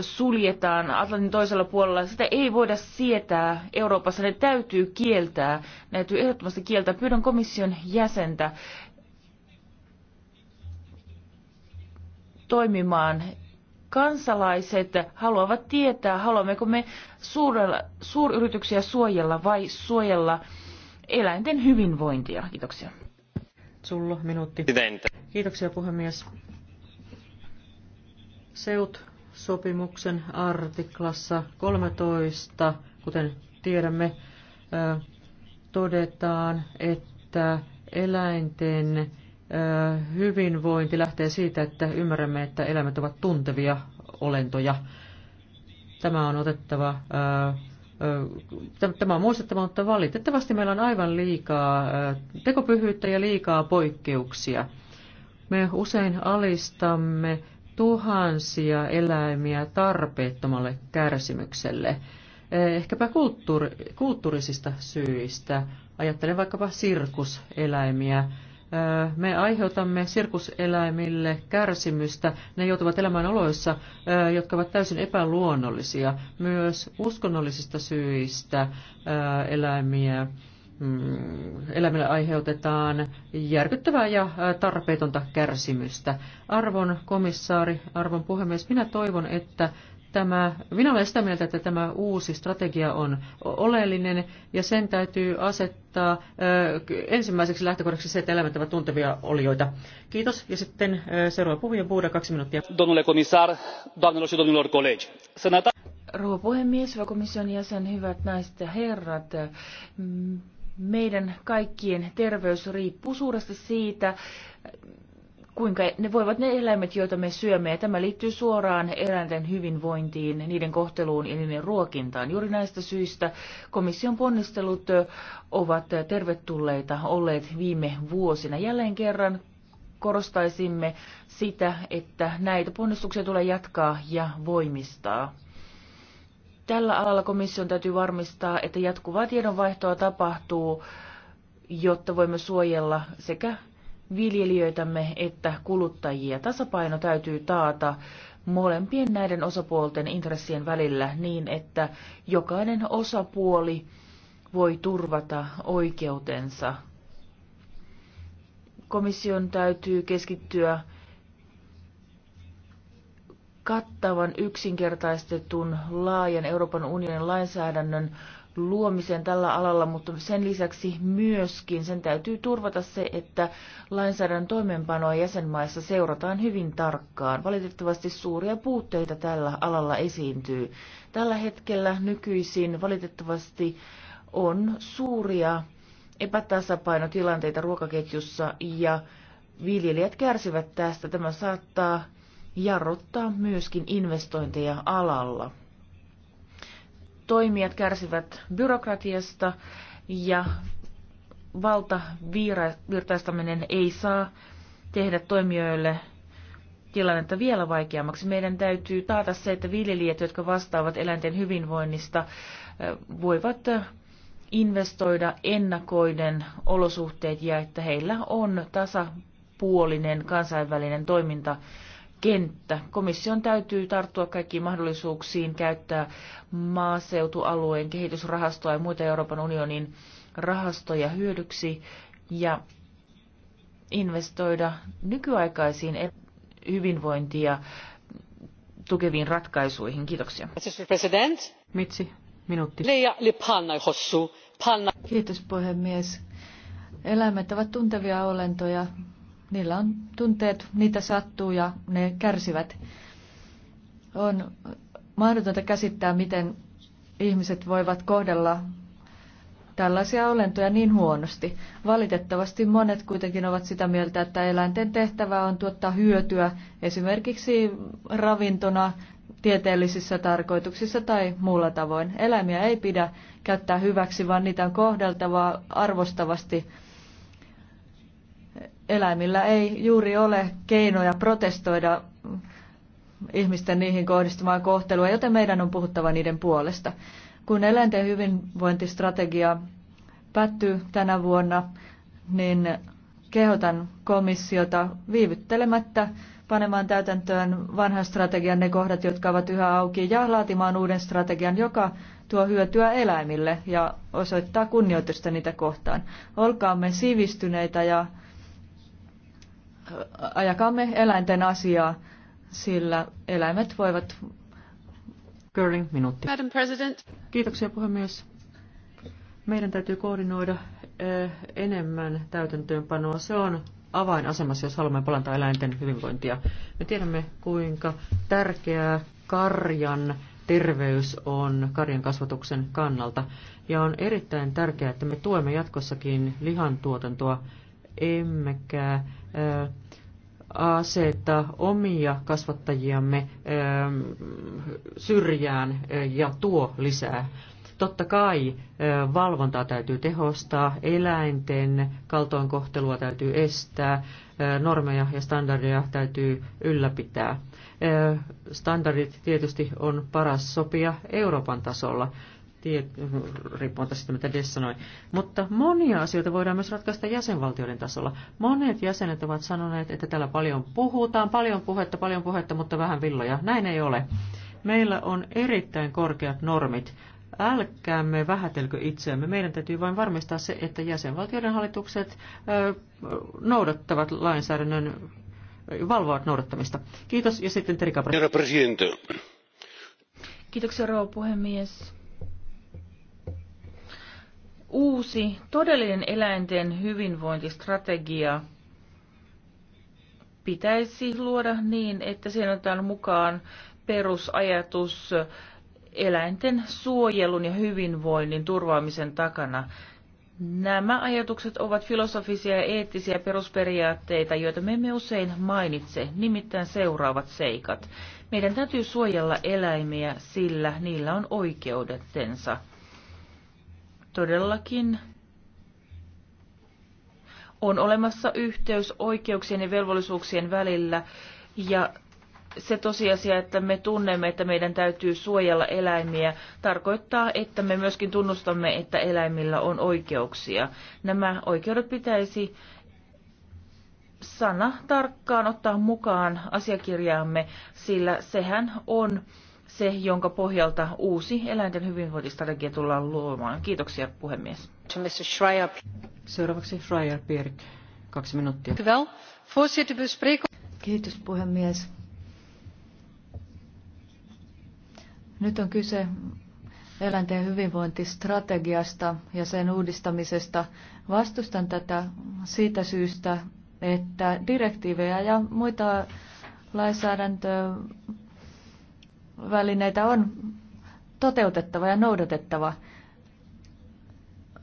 suljetaan Atlantin toisella puolella, sitä ei voida sietää Euroopassa. Ne täytyy kieltää, ne täytyy ehdottomasti kieltää. Pyydän komission jäsentä toimimaan kansalaiset haluavat tietää, haluammeko me suurella, suuryrityksiä suojella vai suojella eläinten hyvinvointia. Kiitoksia. Sullo, minuutti. Kiitoksia puhemies. SEUT-sopimuksen artiklassa 13, kuten tiedämme, todetaan, että eläinten hyvinvointi lähtee siitä, että ymmärrämme, että eläimet ovat tuntevia olentoja. Tämä on otettava Tämä on muistettava, mutta valitettavasti meillä on aivan liikaa tekopyhyyttä ja liikaa poikkeuksia. Me usein alistamme tuhansia eläimiä tarpeettomalle kärsimykselle, ehkäpä kulttuur, kulttuurisista syistä. Ajattelen vaikkapa sirkuseläimiä, me aiheutamme sirkuseläimille kärsimystä. Ne joutuvat elämään oloissa, jotka ovat täysin epäluonnollisia. Myös uskonnollisista syistä eläimiä mm, eläimille aiheutetaan järkyttävää ja tarpeetonta kärsimystä. Arvon komissaari, arvon puhemies, minä toivon, että tämä, minä olen sitä mieltä, että tämä uusi strategia on oleellinen ja sen täytyy asettaa ensimmäiseksi lähtökohdaksi se, että elämäntävä tuntevia olioita. Kiitos ja sitten seuraava puhuja Buuda kaksi minuuttia. Domnule komissar, doamnelor și domnilor colegi. Sănătate... Rouva puhemies, hyvä komission jäsen, hyvät naiset ja herrat. Meidän kaikkien terveys riippuu suuresti siitä, kuinka ne voivat ne eläimet, joita me syömme, ja tämä liittyy suoraan eläinten hyvinvointiin, niiden kohteluun ja niiden ruokintaan. Juuri näistä syistä komission ponnistelut ovat tervetulleita olleet viime vuosina. Jälleen kerran korostaisimme sitä, että näitä ponnistuksia tulee jatkaa ja voimistaa. Tällä alalla komission täytyy varmistaa, että jatkuvaa tiedonvaihtoa tapahtuu, jotta voimme suojella sekä viljelijöitämme että kuluttajia. Tasapaino täytyy taata molempien näiden osapuolten intressien välillä niin, että jokainen osapuoli voi turvata oikeutensa. Komission täytyy keskittyä kattavan yksinkertaistetun laajan Euroopan unionin lainsäädännön luomiseen tällä alalla, mutta sen lisäksi myöskin sen täytyy turvata se, että lainsäädännön toimeenpanoa jäsenmaissa seurataan hyvin tarkkaan. Valitettavasti suuria puutteita tällä alalla esiintyy. Tällä hetkellä nykyisin valitettavasti on suuria epätasapainotilanteita ruokaketjussa ja viljelijät kärsivät tästä. Tämä saattaa jarruttaa myöskin investointeja alalla toimijat kärsivät byrokratiasta ja valtavirtaistaminen ei saa tehdä toimijoille tilannetta vielä vaikeammaksi. Meidän täytyy taata se, että viljelijät, jotka vastaavat eläinten hyvinvoinnista, voivat investoida ennakoiden olosuhteet ja että heillä on tasapuolinen kansainvälinen toiminta kenttä. Komission täytyy tarttua kaikkiin mahdollisuuksiin käyttää maaseutualueen kehitysrahastoa ja muita Euroopan unionin rahastoja hyödyksi ja investoida nykyaikaisiin e- hyvinvointia tukeviin ratkaisuihin. Kiitoksia. Mitsi, minuutti. Kiitos puhemies. Eläimet ovat tuntevia olentoja. Niillä on tunteet, niitä sattuu ja ne kärsivät. On mahdotonta käsittää, miten ihmiset voivat kohdella tällaisia olentoja niin huonosti. Valitettavasti monet kuitenkin ovat sitä mieltä, että eläinten tehtävä on tuottaa hyötyä esimerkiksi ravintona, tieteellisissä tarkoituksissa tai muulla tavoin. Eläimiä ei pidä käyttää hyväksi, vaan niitä on kohdeltava arvostavasti eläimillä ei juuri ole keinoja protestoida ihmisten niihin kohdistumaan kohtelua, joten meidän on puhuttava niiden puolesta. Kun eläinten hyvinvointistrategia päättyy tänä vuonna, niin kehotan komissiota viivyttelemättä panemaan täytäntöön vanhan strategian ne kohdat, jotka ovat yhä auki, ja laatimaan uuden strategian, joka tuo hyötyä eläimille ja osoittaa kunnioitusta niitä kohtaan. Olkaamme sivistyneitä ja ajakaamme eläinten asiaa, sillä eläimet voivat... Girling, minuutti. Madam President. Kiitoksia puhemies. Meidän täytyy koordinoida eh, enemmän täytäntöönpanoa. Se on avainasemassa, jos haluamme palantaa eläinten hyvinvointia. Me tiedämme, kuinka tärkeää karjan terveys on karjan kasvatuksen kannalta. Ja on erittäin tärkeää, että me tuemme jatkossakin lihantuotantoa emmekä aseta omia kasvattajiamme syrjään ja tuo lisää. Totta kai valvontaa täytyy tehostaa, eläinten kaltoinkohtelua täytyy estää, normeja ja standardeja täytyy ylläpitää. Standardit tietysti on paras sopia Euroopan tasolla riippumatta siitä, mitä Des sanoi. Mutta monia asioita voidaan myös ratkaista jäsenvaltioiden tasolla. Monet jäsenet ovat sanoneet, että täällä paljon puhutaan, paljon puhetta, paljon puhetta, mutta vähän villoja. Näin ei ole. Meillä on erittäin korkeat normit. Älkäämme vähätelkö itseämme. Meidän täytyy vain varmistaa se, että jäsenvaltioiden hallitukset noudattavat lainsäädännön, valvovat noudattamista. Kiitos ja sitten teri Kiitoksia rouva puhemies. Uusi todellinen eläinten hyvinvointistrategia pitäisi luoda niin, että siinä otetaan mukaan perusajatus eläinten suojelun ja hyvinvoinnin turvaamisen takana. Nämä ajatukset ovat filosofisia ja eettisiä perusperiaatteita, joita me emme usein mainitse, nimittäin seuraavat seikat. Meidän täytyy suojella eläimiä, sillä niillä on oikeudetensa todellakin on olemassa yhteys oikeuksien ja velvollisuuksien välillä ja se tosiasia, että me tunnemme, että meidän täytyy suojella eläimiä, tarkoittaa, että me myöskin tunnustamme, että eläimillä on oikeuksia. Nämä oikeudet pitäisi sana tarkkaan ottaa mukaan asiakirjaamme, sillä sehän on se, jonka pohjalta uusi eläinten hyvinvointistrategia tullaan luomaan. Kiitoksia, puhemies. Seuraavaksi Schreier Pierik, kaksi minuuttia. Kiitos, puhemies. Nyt on kyse eläinten hyvinvointistrategiasta ja sen uudistamisesta. Vastustan tätä siitä syystä, että direktiivejä ja muita lainsäädäntöä välineitä on toteutettava ja noudatettava.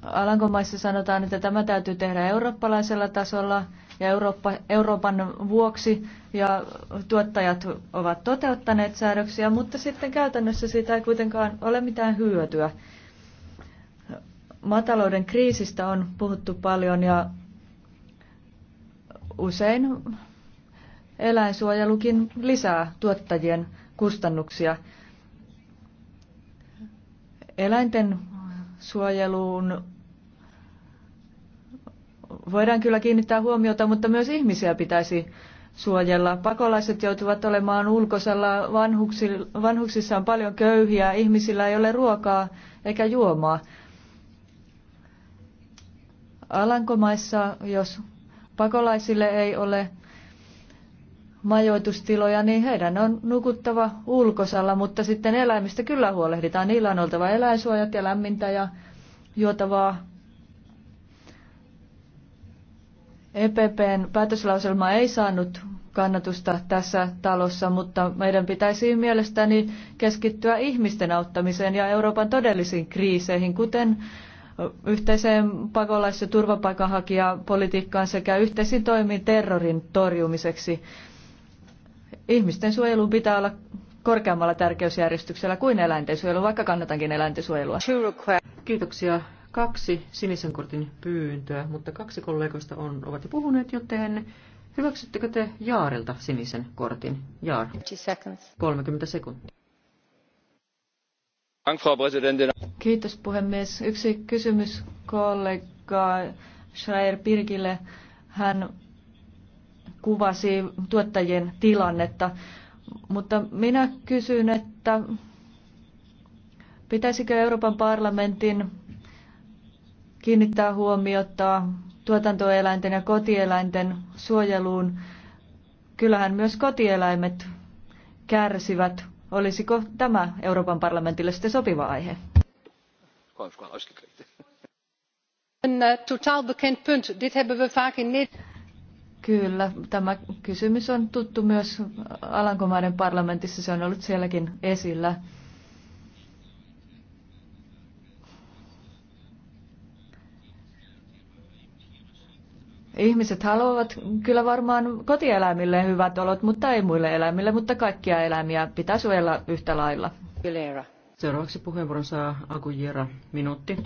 Alankomaissa sanotaan, että tämä täytyy tehdä eurooppalaisella tasolla ja Eurooppa, Euroopan vuoksi ja tuottajat ovat toteuttaneet säädöksiä, mutta sitten käytännössä siitä ei kuitenkaan ole mitään hyötyä. Matalouden kriisistä on puhuttu paljon ja usein eläinsuojelukin lisää tuottajien kustannuksia. Eläinten suojeluun voidaan kyllä kiinnittää huomiota, mutta myös ihmisiä pitäisi suojella. Pakolaiset joutuvat olemaan ulkosella vanhuksissa on paljon köyhiä, ihmisillä ei ole ruokaa eikä juomaa. Alankomaissa, jos pakolaisille ei ole majoitustiloja, niin heidän on nukuttava ulkosalla, mutta sitten eläimistä kyllä huolehditaan. Niillä on oltava eläinsuojat ja lämmintä ja juotavaa. EPPn päätöslauselma ei saanut kannatusta tässä talossa, mutta meidän pitäisi mielestäni keskittyä ihmisten auttamiseen ja Euroopan todellisiin kriiseihin, kuten yhteiseen pakolais- ja turvapaikanhakijapolitiikkaan sekä yhteisiin toimiin terrorin torjumiseksi. Ihmisten suojelun pitää olla korkeammalla tärkeysjärjestyksellä kuin eläinten suojelu, vaikka kannatankin eläinten suojelua. Kiitoksia. Kaksi sinisen kortin pyyntöä, mutta kaksi kollegoista on, ovat jo puhuneet, joten hyväksyttekö te Jaarilta sinisen kortin? Jaar. 30 sekuntia. Kiitos puhemies. Yksi kysymys kollega Schreier Pirkille. Hän kuvasi tuottajien tilannetta. Mutta minä kysyn, että pitäisikö Euroopan parlamentin kiinnittää huomiota tuotantoeläinten ja kotieläinten suojeluun. Kyllähän myös kotieläimet kärsivät. Olisiko tämä Euroopan parlamentille sitten sopiva aihe? Een eh, totaal bekend punt. Dit hebben we vaak in Nederland. Kyllä, tämä kysymys on tuttu myös Alankomaiden parlamentissa, se on ollut sielläkin esillä. Ihmiset haluavat kyllä varmaan kotieläimille hyvät olot, mutta ei muille eläimille, mutta kaikkia eläimiä pitää suojella yhtä lailla. Seuraavaksi puheenvuoron saa Agujera, minuutti.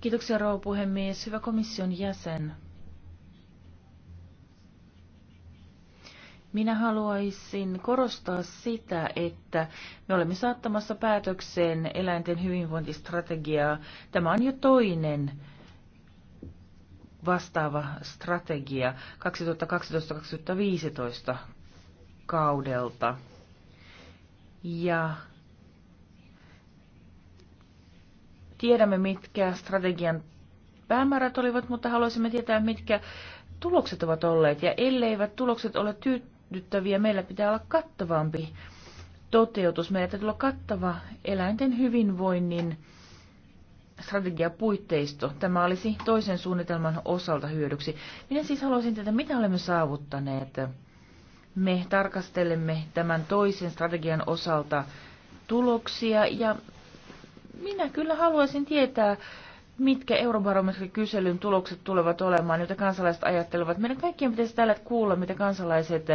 Kiitoksia rouva puhemies. Hyvä komission jäsen. Minä haluaisin korostaa sitä, että me olemme saattamassa päätökseen eläinten hyvinvointistrategiaa. Tämä on jo toinen vastaava strategia 2012-2015 kaudelta. Ja tiedämme, mitkä strategian päämäärät olivat, mutta haluaisimme tietää, mitkä tulokset ovat olleet. Ja elleivät tulokset ole tyyt tyydyttäviä. Meillä pitää olla kattavampi toteutus. Meillä täytyy olla kattava eläinten hyvinvoinnin strategiapuitteisto. Tämä olisi toisen suunnitelman osalta hyödyksi. Minä siis haluaisin tietää, mitä olemme saavuttaneet. Me tarkastelemme tämän toisen strategian osalta tuloksia ja minä kyllä haluaisin tietää, mitkä eurobarometrikyselyn tulokset tulevat olemaan, joita kansalaiset ajattelevat. Meidän kaikkien pitäisi täällä kuulla, mitä kansalaiset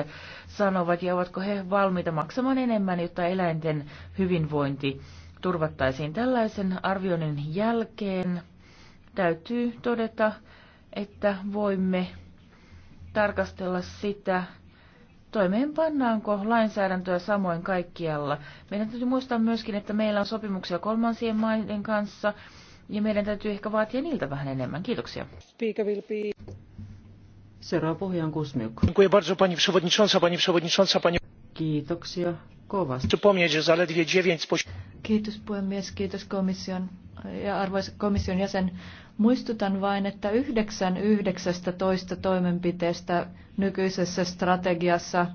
sanovat ja ovatko he valmiita maksamaan enemmän, jotta eläinten hyvinvointi turvattaisiin. Tällaisen arvioinnin jälkeen täytyy todeta, että voimme tarkastella sitä, toimeenpannaanko lainsäädäntöä samoin kaikkialla. Meidän täytyy muistaa myöskin, että meillä on sopimuksia kolmansien maiden kanssa, ja meidän täytyy ehkä vaatia niiltä vähän enemmän. Kiitoksia. Speaker will be... Seuraava puhuja on Kusmiuk. bardzo pani przewodnicząca, pani przewodnicząca, pani... Kiitoksia kovasti. Kiitos puhemies, kiitos komission ja arvoisa komission jäsen. Muistutan vain, että yhdeksän yhdeksästä toista toimenpiteestä nykyisessä strategiassa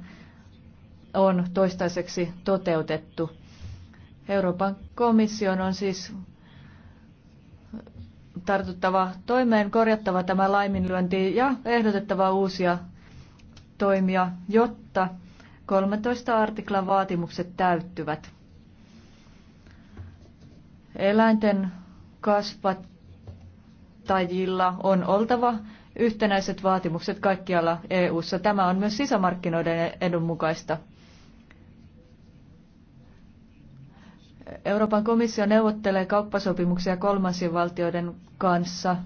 on toistaiseksi toteutettu. Euroopan komission on siis tartuttava toimeen, korjattava tämä laiminlyönti ja ehdotettava uusia toimia, jotta 13 artiklan vaatimukset täyttyvät. Eläinten kasvattajilla on oltava yhtenäiset vaatimukset kaikkialla EU:ssa. Tämä on myös sisämarkkinoiden edun mukaista. Euroopan komissio neuvottelee kauppasopimuksia kolmansien valtioiden kanssa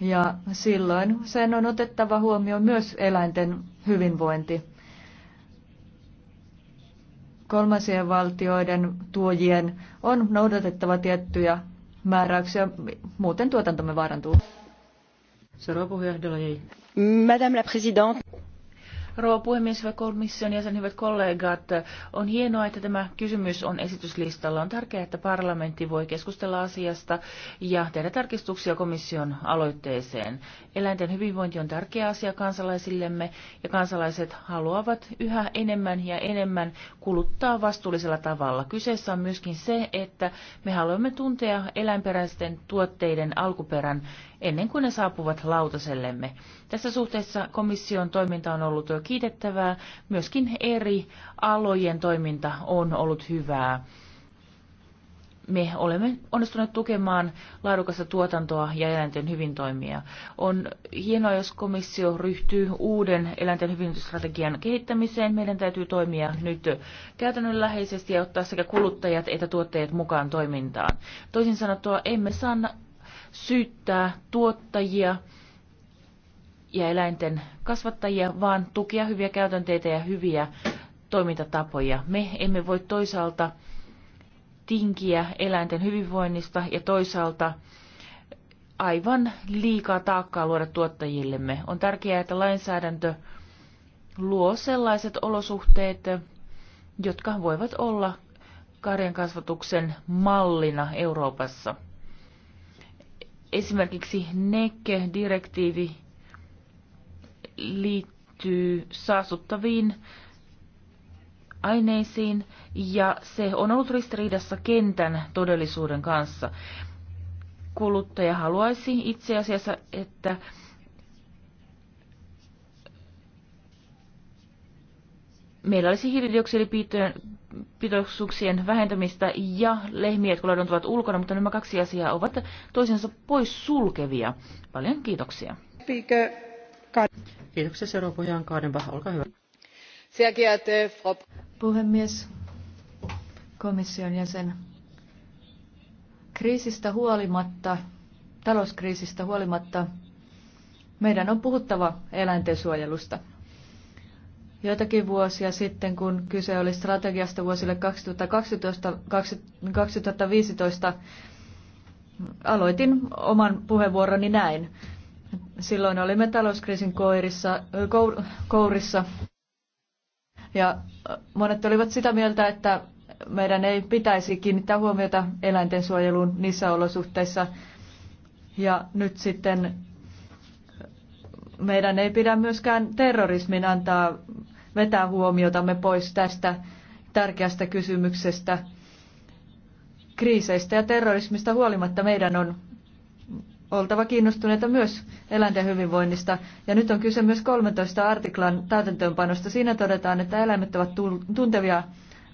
ja silloin sen on otettava huomioon myös eläinten hyvinvointi. Kolmansien valtioiden tuojien on noudatettava tiettyjä määräyksiä, muuten tuotantomme vaarantuu. Madame la Présidente. Rouva puhemies, hyvä komission jäsen, hyvät kollegat. On hienoa, että tämä kysymys on esityslistalla. On tärkeää, että parlamentti voi keskustella asiasta ja tehdä tarkistuksia komission aloitteeseen. Eläinten hyvinvointi on tärkeä asia kansalaisillemme ja kansalaiset haluavat yhä enemmän ja enemmän kuluttaa vastuullisella tavalla. Kyseessä on myöskin se, että me haluamme tuntea eläinperäisten tuotteiden alkuperän ennen kuin ne saapuvat lautasellemme. Tässä suhteessa komission toiminta on ollut jo kiitettävää. Myöskin eri alojen toiminta on ollut hyvää. Me olemme onnistuneet tukemaan laadukasta tuotantoa ja eläinten hyvintoimia. On hienoa, jos komissio ryhtyy uuden eläinten hyvinvointistrategian kehittämiseen. Meidän täytyy toimia nyt käytännönläheisesti ja ottaa sekä kuluttajat että tuottajat mukaan toimintaan. Toisin sanottua emme saa syyttää tuottajia ja eläinten kasvattajia, vaan tukea hyviä käytänteitä ja hyviä toimintatapoja. Me emme voi toisaalta tinkiä eläinten hyvinvoinnista ja toisaalta aivan liikaa taakkaa luoda tuottajillemme. On tärkeää, että lainsäädäntö luo sellaiset olosuhteet, jotka voivat olla karjan kasvatuksen mallina Euroopassa. Esimerkiksi NEC-direktiivi liittyy saastuttaviin aineisiin ja se on ollut ristiriidassa kentän todellisuuden kanssa. Kuluttaja haluaisi itse asiassa, että meillä olisi hiilidioksidipitoisuuksien vähentämistä ja lehmiä, jotka laiduntuvat ulkona, mutta nämä kaksi asiaa ovat toisensa pois sulkevia. Paljon kiitoksia arvoisa Puhemies, komission jäsen. Kriisistä huolimatta, talouskriisistä huolimatta, meidän on puhuttava eläintensuojelusta. Joitakin vuosia sitten, kun kyse oli strategiasta vuosille 2012-2015, aloitin oman puheenvuoroni näin. Silloin olimme talouskriisin koirissa, kourissa ja monet olivat sitä mieltä, että meidän ei pitäisi kiinnittää huomiota eläinten suojeluun niissä olosuhteissa. Ja nyt sitten meidän ei pidä myöskään terrorismin antaa vetää huomiotamme pois tästä tärkeästä kysymyksestä. Kriiseistä ja terrorismista huolimatta meidän on oltava kiinnostuneita myös eläinten hyvinvoinnista. Ja nyt on kyse myös 13 artiklan täytäntöönpanosta. Siinä todetaan, että eläimet ovat tuntevia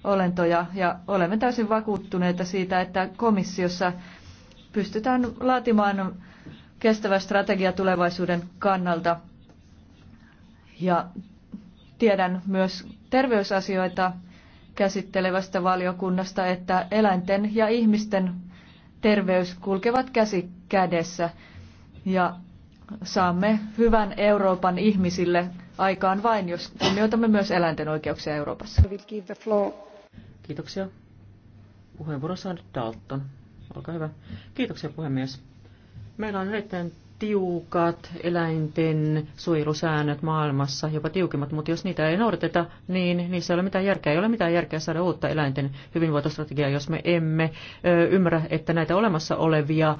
olentoja ja olemme täysin vakuuttuneita siitä, että komissiossa pystytään laatimaan kestävä strategia tulevaisuuden kannalta. Ja tiedän myös terveysasioita käsittelevästä valiokunnasta, että eläinten ja ihmisten terveys kulkevat käsi kädessä ja saamme hyvän Euroopan ihmisille aikaan vain, jos kunnioitamme myös eläinten oikeuksia Euroopassa. Kiitoksia. Puheenvuoro saa Dalton. Olkaa hyvä. Kiitoksia puhemies. Meillä on erittäin tiukat eläinten suojelusäännöt maailmassa, jopa tiukimmat, mutta jos niitä ei noudateta, niin niissä ei ole mitään järkeä. Ei ole mitään järkeä saada uutta eläinten hyvinvointistrategiaa, jos me emme ö, ymmärrä, että näitä olemassa olevia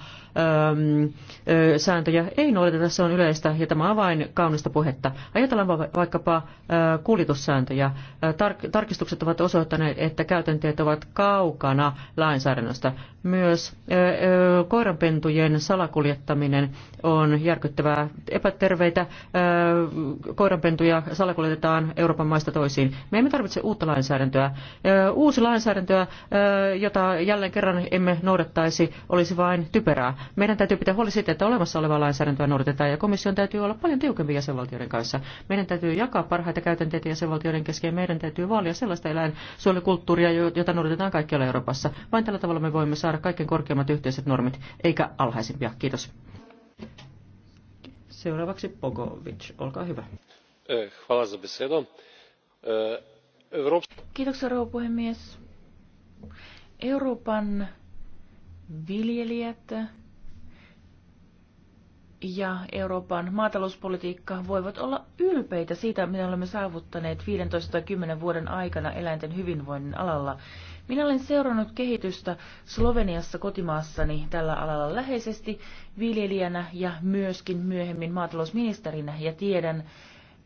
ö, ö, sääntöjä ei noudateta. Se on yleistä ja tämä on vain kaunista puhetta. Ajatellaan va- vaikkapa ö, kuljetussääntöjä. Tar- tarkistukset ovat osoittaneet, että käytänteet ovat kaukana lainsäädännöstä. Myös ö, ö, koiranpentujen salakuljettaminen on järkyttävää. Epäterveitä koiranpentuja salakuljetetaan Euroopan maista toisiin. Me emme tarvitse uutta lainsäädäntöä. Uusi lainsäädäntöä, jota jälleen kerran emme noudattaisi, olisi vain typerää. Meidän täytyy pitää huoli siitä, että olemassa olevaa lainsäädäntöä noudatetaan ja komission täytyy olla paljon tiukempi jäsenvaltioiden kanssa. Meidän täytyy jakaa parhaita käytänteitä jäsenvaltioiden kesken ja meidän täytyy vaalia sellaista eläinsuojelukulttuuria, jota noudatetaan kaikkialla Euroopassa. Vain tällä tavalla me voimme saada kaikkein korkeimmat yhteiset normit, eikä alhaisimpia. Kiitos. Seuraavaksi Pogovic, olkaa hyvä. Eh, eh, Kiitoksia, rouva puhemies. Euroopan viljelijät ja Euroopan maatalouspolitiikka voivat olla ylpeitä siitä, mitä olemme saavuttaneet 15 10 vuoden aikana eläinten hyvinvoinnin alalla. Minä olen seurannut kehitystä Sloveniassa kotimaassani tällä alalla läheisesti viljelijänä ja myöskin myöhemmin maatalousministerinä ja tiedän,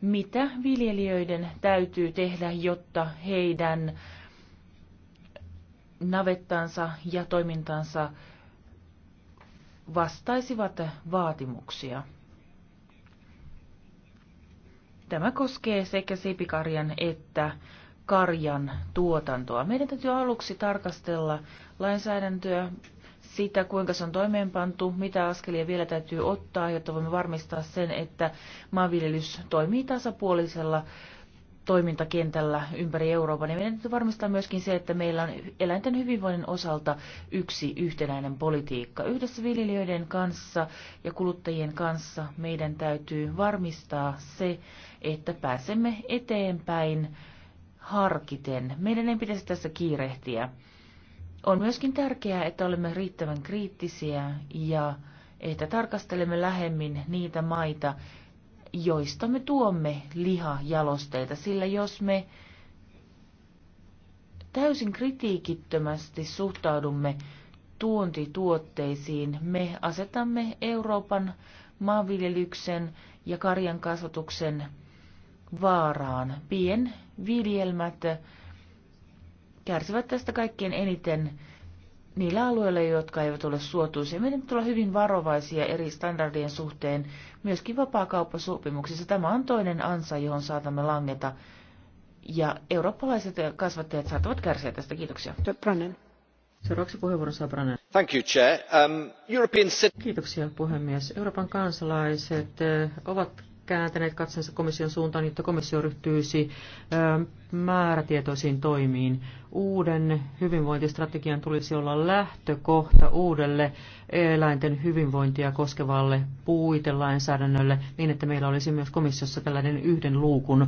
mitä viljelijöiden täytyy tehdä, jotta heidän navettansa ja toimintansa vastaisivat vaatimuksia. Tämä koskee sekä siipikarjan että karjan tuotantoa. Meidän täytyy aluksi tarkastella lainsäädäntöä, sitä, kuinka se on toimeenpantu, mitä askelia vielä täytyy ottaa, jotta voimme varmistaa sen, että maanviljelys toimii tasapuolisella toimintakentällä ympäri Euroopan. niin meidän täytyy varmistaa myöskin se, että meillä on eläinten hyvinvoinnin osalta yksi yhtenäinen politiikka. Yhdessä viljelijöiden kanssa ja kuluttajien kanssa meidän täytyy varmistaa se, että pääsemme eteenpäin harkiten. Meidän ei pitäisi tässä kiirehtiä. On myöskin tärkeää, että olemme riittävän kriittisiä ja että tarkastelemme lähemmin niitä maita, joista me tuomme lihajalosteita, sillä jos me täysin kritiikittömästi suhtaudumme tuontituotteisiin, me asetamme Euroopan maanviljelyksen ja karjan kasvatuksen vaaraan. Pienviljelmät kärsivät tästä kaikkein eniten niillä alueilla, jotka eivät ole suotuisia. Meidän pitää olla hyvin varovaisia eri standardien suhteen, myöskin vapaakauppasopimuksissa. Tämä on toinen ansa, johon saatamme langeta. Ja eurooppalaiset kasvattajat saattavat kärsiä tästä. Kiitoksia. Brannen. Seuraavaksi puheenvuoron saa Brannen. Thank you, Chair. Um, European... Kiitoksia, puhemies. Euroopan kansalaiset äh, ovat kääntäneet katsensa komission suuntaan, jotta komissio ryhtyisi äh, määrätietoisiin toimiin Uuden hyvinvointistrategian tulisi olla lähtökohta uudelle eläinten hyvinvointia koskevalle puitelainsäädännölle niin, että meillä olisi myös komissiossa tällainen yhden luukun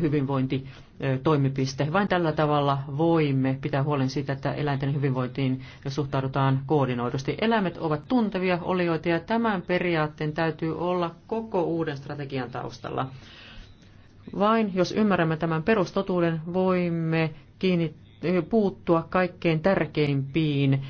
hyvinvointitoimipiste. Vain tällä tavalla voimme pitää huolen siitä, että eläinten hyvinvointiin suhtaudutaan koordinoidusti. Eläimet ovat tuntevia olioita ja tämän periaatteen täytyy olla koko uuden strategian taustalla. Vain jos ymmärrämme tämän perustotuuden, voimme kiinnittää puuttua kaikkein tärkeimpiin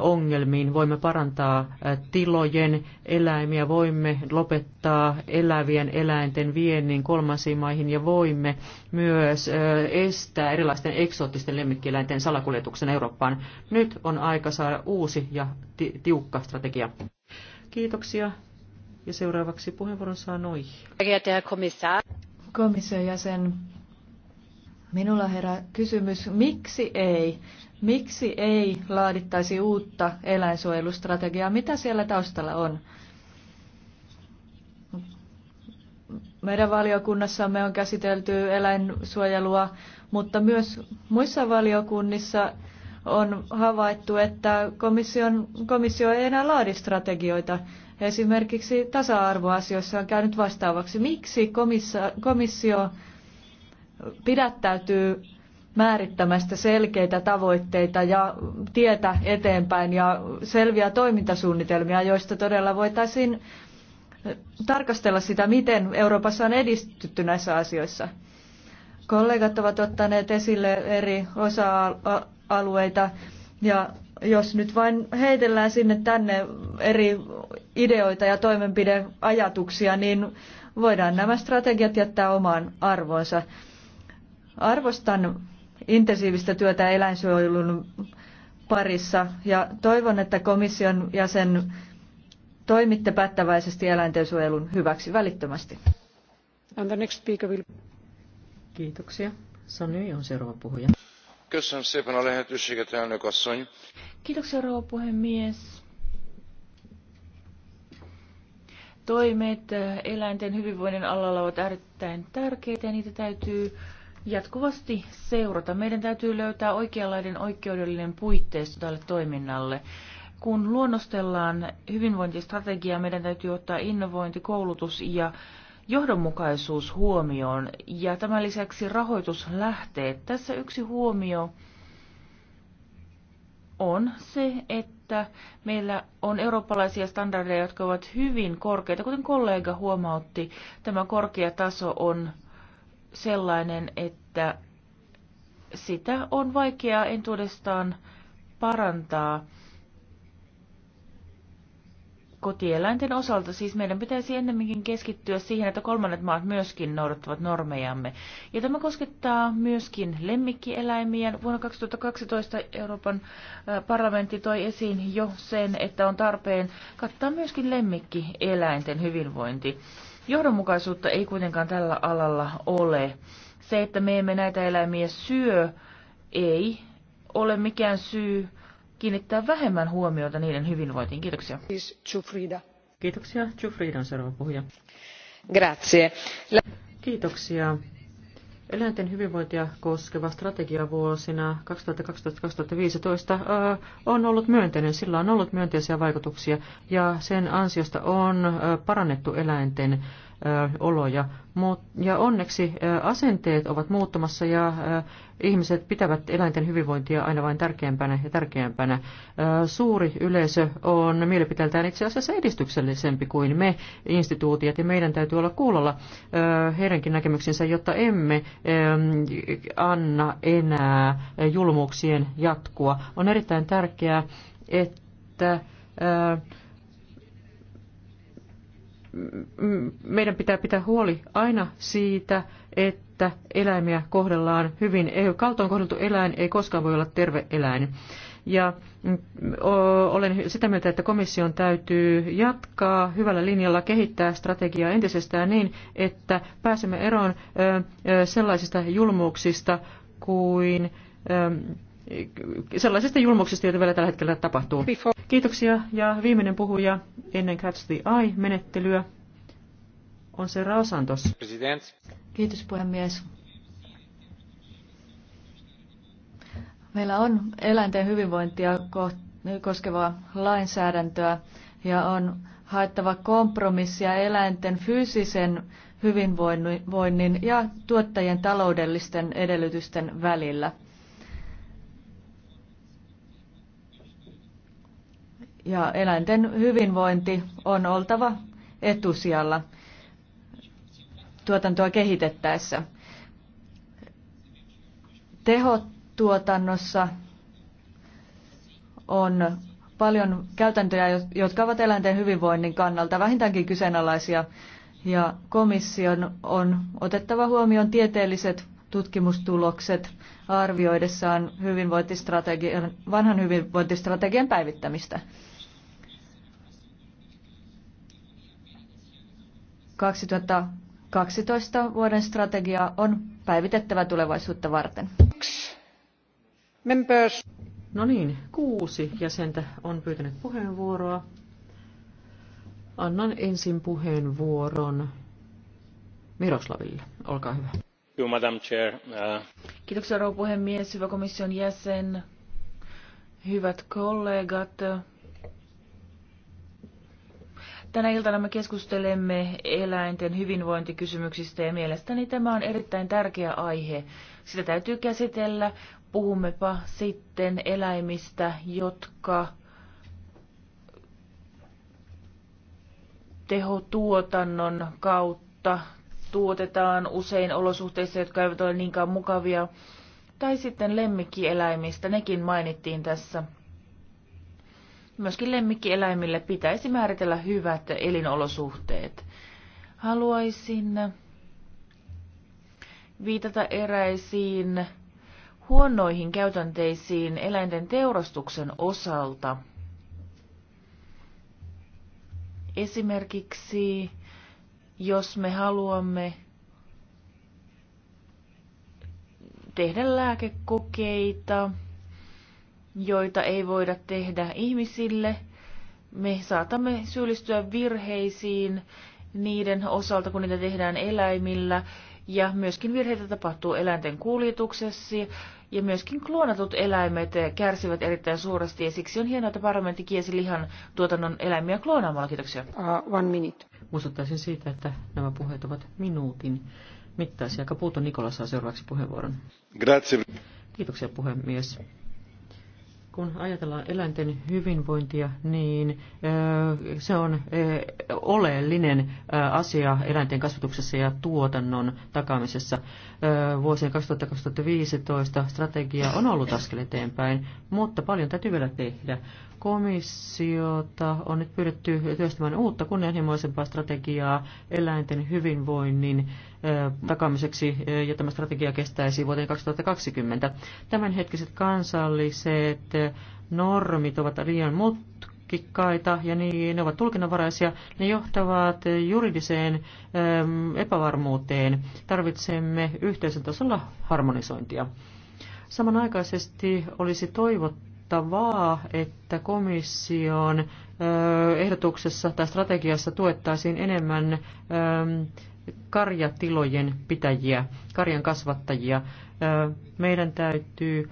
ongelmiin. Voimme parantaa tilojen eläimiä, voimme lopettaa elävien eläinten viennin kolmansiin maihin ja voimme myös estää erilaisten eksoottisten lemmikkieläinten salakuljetuksen Eurooppaan. Nyt on aika saada uusi ja tiukka strategia. Kiitoksia. Ja seuraavaksi puheenvuoron saa Noi komission jäsen, minulla herää kysymys, miksi ei? Miksi ei laadittaisi uutta eläinsuojelustrategiaa? Mitä siellä taustalla on? Meidän valiokunnassamme on käsitelty eläinsuojelua, mutta myös muissa valiokunnissa on havaittu, että komission, komissio ei enää laadi strategioita esimerkiksi tasa-arvoasioissa on käynyt vastaavaksi. Miksi komissio pidättäytyy määrittämästä selkeitä tavoitteita ja tietä eteenpäin ja selviä toimintasuunnitelmia, joista todella voitaisiin tarkastella sitä, miten Euroopassa on edistytty näissä asioissa. Kollegat ovat ottaneet esille eri osa-alueita ja jos nyt vain heitellään sinne tänne eri ideoita ja toimenpideajatuksia, niin voidaan nämä strategiat jättää omaan arvoonsa. Arvostan intensiivistä työtä eläinsuojelun parissa ja toivon, että komission jäsen toimitte päättäväisesti eläintensuojelun hyväksi välittömästi. And the next speaker will... Kiitoksia. Sanoi, on seuraava puhuja. Kiitoksia, rouva puhemies. Toimet eh, eläinten hyvinvoinnin alalla ovat erittäin tärkeitä ja niitä täytyy jatkuvasti seurata. Meidän täytyy löytää oikeanlainen oikeudellinen puitteisto tälle toiminnalle. Kun luonnostellaan hyvinvointistrategiaa, meidän täytyy ottaa innovointi, koulutus ja johdonmukaisuus huomioon ja tämän lisäksi rahoituslähteet. Tässä yksi huomio on se, että meillä on eurooppalaisia standardeja, jotka ovat hyvin korkeita. Kuten kollega huomautti, tämä korkea taso on sellainen, että sitä on vaikeaa entuudestaan parantaa kotieläinten osalta. Siis meidän pitäisi ennemminkin keskittyä siihen, että kolmannet maat myöskin noudattavat normejamme. Ja tämä koskettaa myöskin lemmikkieläimiä. Vuonna 2012 Euroopan parlamentti toi esiin jo sen, että on tarpeen kattaa myöskin lemmikkieläinten hyvinvointi. Johdonmukaisuutta ei kuitenkaan tällä alalla ole. Se, että me emme näitä eläimiä syö, ei ole mikään syy kiinnittää vähemmän huomiota niiden hyvinvointiin. Kiitoksia. Kiitoksia. Jufrida on seuraava puhuja. Grazie. Kiitoksia. Eläinten hyvinvointia koskeva strategia vuosina 2012-2015 äh, on ollut myönteinen. Sillä on ollut myönteisiä vaikutuksia ja sen ansiosta on äh, parannettu eläinten oloja. Ja onneksi asenteet ovat muuttumassa ja ihmiset pitävät eläinten hyvinvointia aina vain tärkeämpänä ja tärkeämpänä. Suuri yleisö on mielipiteeltään itse asiassa edistyksellisempi kuin me instituutiot ja meidän täytyy olla kuulolla heidänkin näkemyksensä, jotta emme anna enää julmuuksien jatkua. On erittäin tärkeää, että että meidän pitää pitää huoli aina siitä, että eläimiä kohdellaan hyvin. Kaltoin kohdeltu eläin ei koskaan voi olla terve eläin. Ja mm, olen sitä mieltä, että komission täytyy jatkaa hyvällä linjalla kehittää strategiaa entisestään niin, että pääsemme eroon sellaisista julmuuksista kuin sellaisista julmuksista, joita vielä tällä hetkellä tapahtuu. Kiitoksia ja viimeinen puhuja ennen Catch the Eye-menettelyä on se Santos. President. Kiitos puhemies. Meillä on eläinten hyvinvointia koskevaa lainsäädäntöä ja on haettava kompromissia eläinten fyysisen hyvinvoinnin ja tuottajien taloudellisten edellytysten välillä. ja eläinten hyvinvointi on oltava etusijalla tuotantoa kehitettäessä. Tehotuotannossa on paljon käytäntöjä, jotka ovat eläinten hyvinvoinnin kannalta vähintäänkin kyseenalaisia, ja komission on otettava huomioon tieteelliset tutkimustulokset arvioidessaan hyvinvointistrategian, vanhan hyvinvointistrategian päivittämistä. 2012 vuoden strategia on päivitettävä tulevaisuutta varten. No niin, kuusi jäsentä on pyytänyt puheenvuoroa. Annan ensin puheenvuoron Miroslaville. Olkaa hyvä. You, Madam Chair. Uh... Kiitoksia, rouva puhemies, hyvä komission jäsen, hyvät kollegat. Tänä iltana me keskustelemme eläinten hyvinvointikysymyksistä ja mielestäni tämä on erittäin tärkeä aihe. Sitä täytyy käsitellä. Puhummepa sitten eläimistä, jotka tehotuotannon kautta tuotetaan usein olosuhteissa, jotka eivät ole niinkään mukavia. Tai sitten lemmikkieläimistä, nekin mainittiin tässä myöskin lemmikkieläimille pitäisi määritellä hyvät elinolosuhteet. Haluaisin viitata eräisiin huonoihin käytänteisiin eläinten teurastuksen osalta. Esimerkiksi jos me haluamme tehdä lääkekokeita, joita ei voida tehdä ihmisille. Me saatamme syyllistyä virheisiin niiden osalta, kun niitä tehdään eläimillä, ja myöskin virheitä tapahtuu eläinten kuljetuksessa, ja myöskin kloonatut eläimet kärsivät erittäin suuresti, ja siksi on hienoa, että parlamentti kiesi lihan tuotannon eläimiä kloonaamalla. Kiitoksia. Uh, one minute. Muistuttaisin siitä, että nämä puheet ovat minuutin mittaisia. Kapuuto Nikola saa seuraavaksi puheenvuoron. Grazie. Kiitoksia puhemies kun ajatellaan eläinten hyvinvointia, niin se on oleellinen asia eläinten kasvatuksessa ja tuotannon takaamisessa. Vuosien 2015 strategia on ollut askel eteenpäin, mutta paljon täytyy vielä tehdä. Komissiota on nyt pyydetty työstämään uutta kunnianhimoisempaa strategiaa eläinten hyvinvoinnin takamiseksi, ja tämä strategia kestäisi vuoteen 2020. Tämänhetkiset kansalliset normit ovat liian mutkikkaita ja niin, ne ovat tulkinnanvaraisia. Ne johtavat juridiseen epävarmuuteen. Tarvitsemme yhteisön tasolla harmonisointia. Samanaikaisesti olisi toivottu, toivottavaa, että komission ehdotuksessa tai strategiassa tuettaisiin enemmän karjatilojen pitäjiä, karjan kasvattajia. Meidän täytyy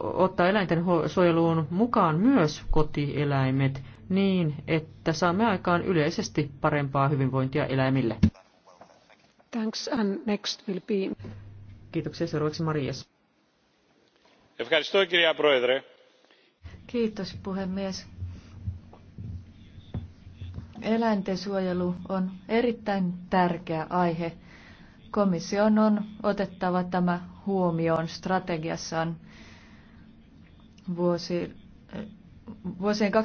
ottaa eläinten suojeluun mukaan myös kotieläimet niin, että saamme aikaan yleisesti parempaa hyvinvointia eläimille. Thanks and next will be... Kiitoksia seuraavaksi Marias. Kiitos puhemies. Eläintensuojelu on erittäin tärkeä aihe. Komission on otettava tämä huomioon strategiassaan vuosi, vuosien 2012-2015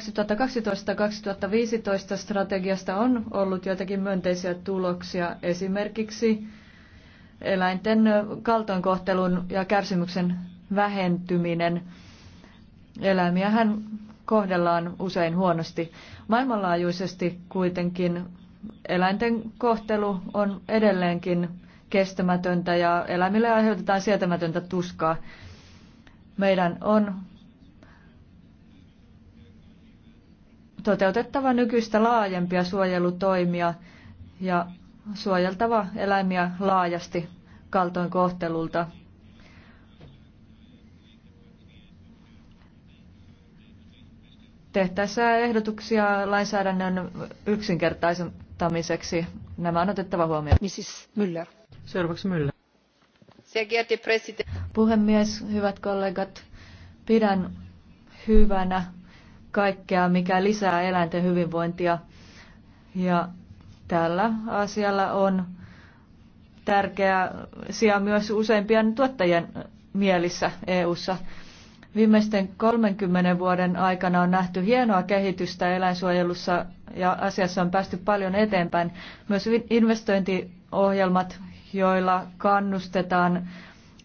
strategiasta on ollut joitakin myönteisiä tuloksia, esimerkiksi eläinten kaltoinkohtelun ja kärsimyksen vähentyminen. Eläimiähän kohdellaan usein huonosti. Maailmanlaajuisesti kuitenkin eläinten kohtelu on edelleenkin kestämätöntä ja eläimille aiheutetaan sietämätöntä tuskaa. Meidän on toteutettava nykyistä laajempia suojelutoimia ja suojeltava eläimiä laajasti kaltoinkohtelulta. tehtäessä ehdotuksia lainsäädännön yksinkertaistamiseksi. Nämä on otettava huomioon. Mrs. Müller. Seuraavaksi Müller. Puhemies, hyvät kollegat, pidän hyvänä kaikkea, mikä lisää eläinten hyvinvointia. Ja tällä asialla on tärkeä sija myös useimpien tuottajien mielissä EU:ssa. ssa Viimeisten 30 vuoden aikana on nähty hienoa kehitystä eläinsuojelussa ja asiassa on päästy paljon eteenpäin. Myös investointiohjelmat, joilla kannustetaan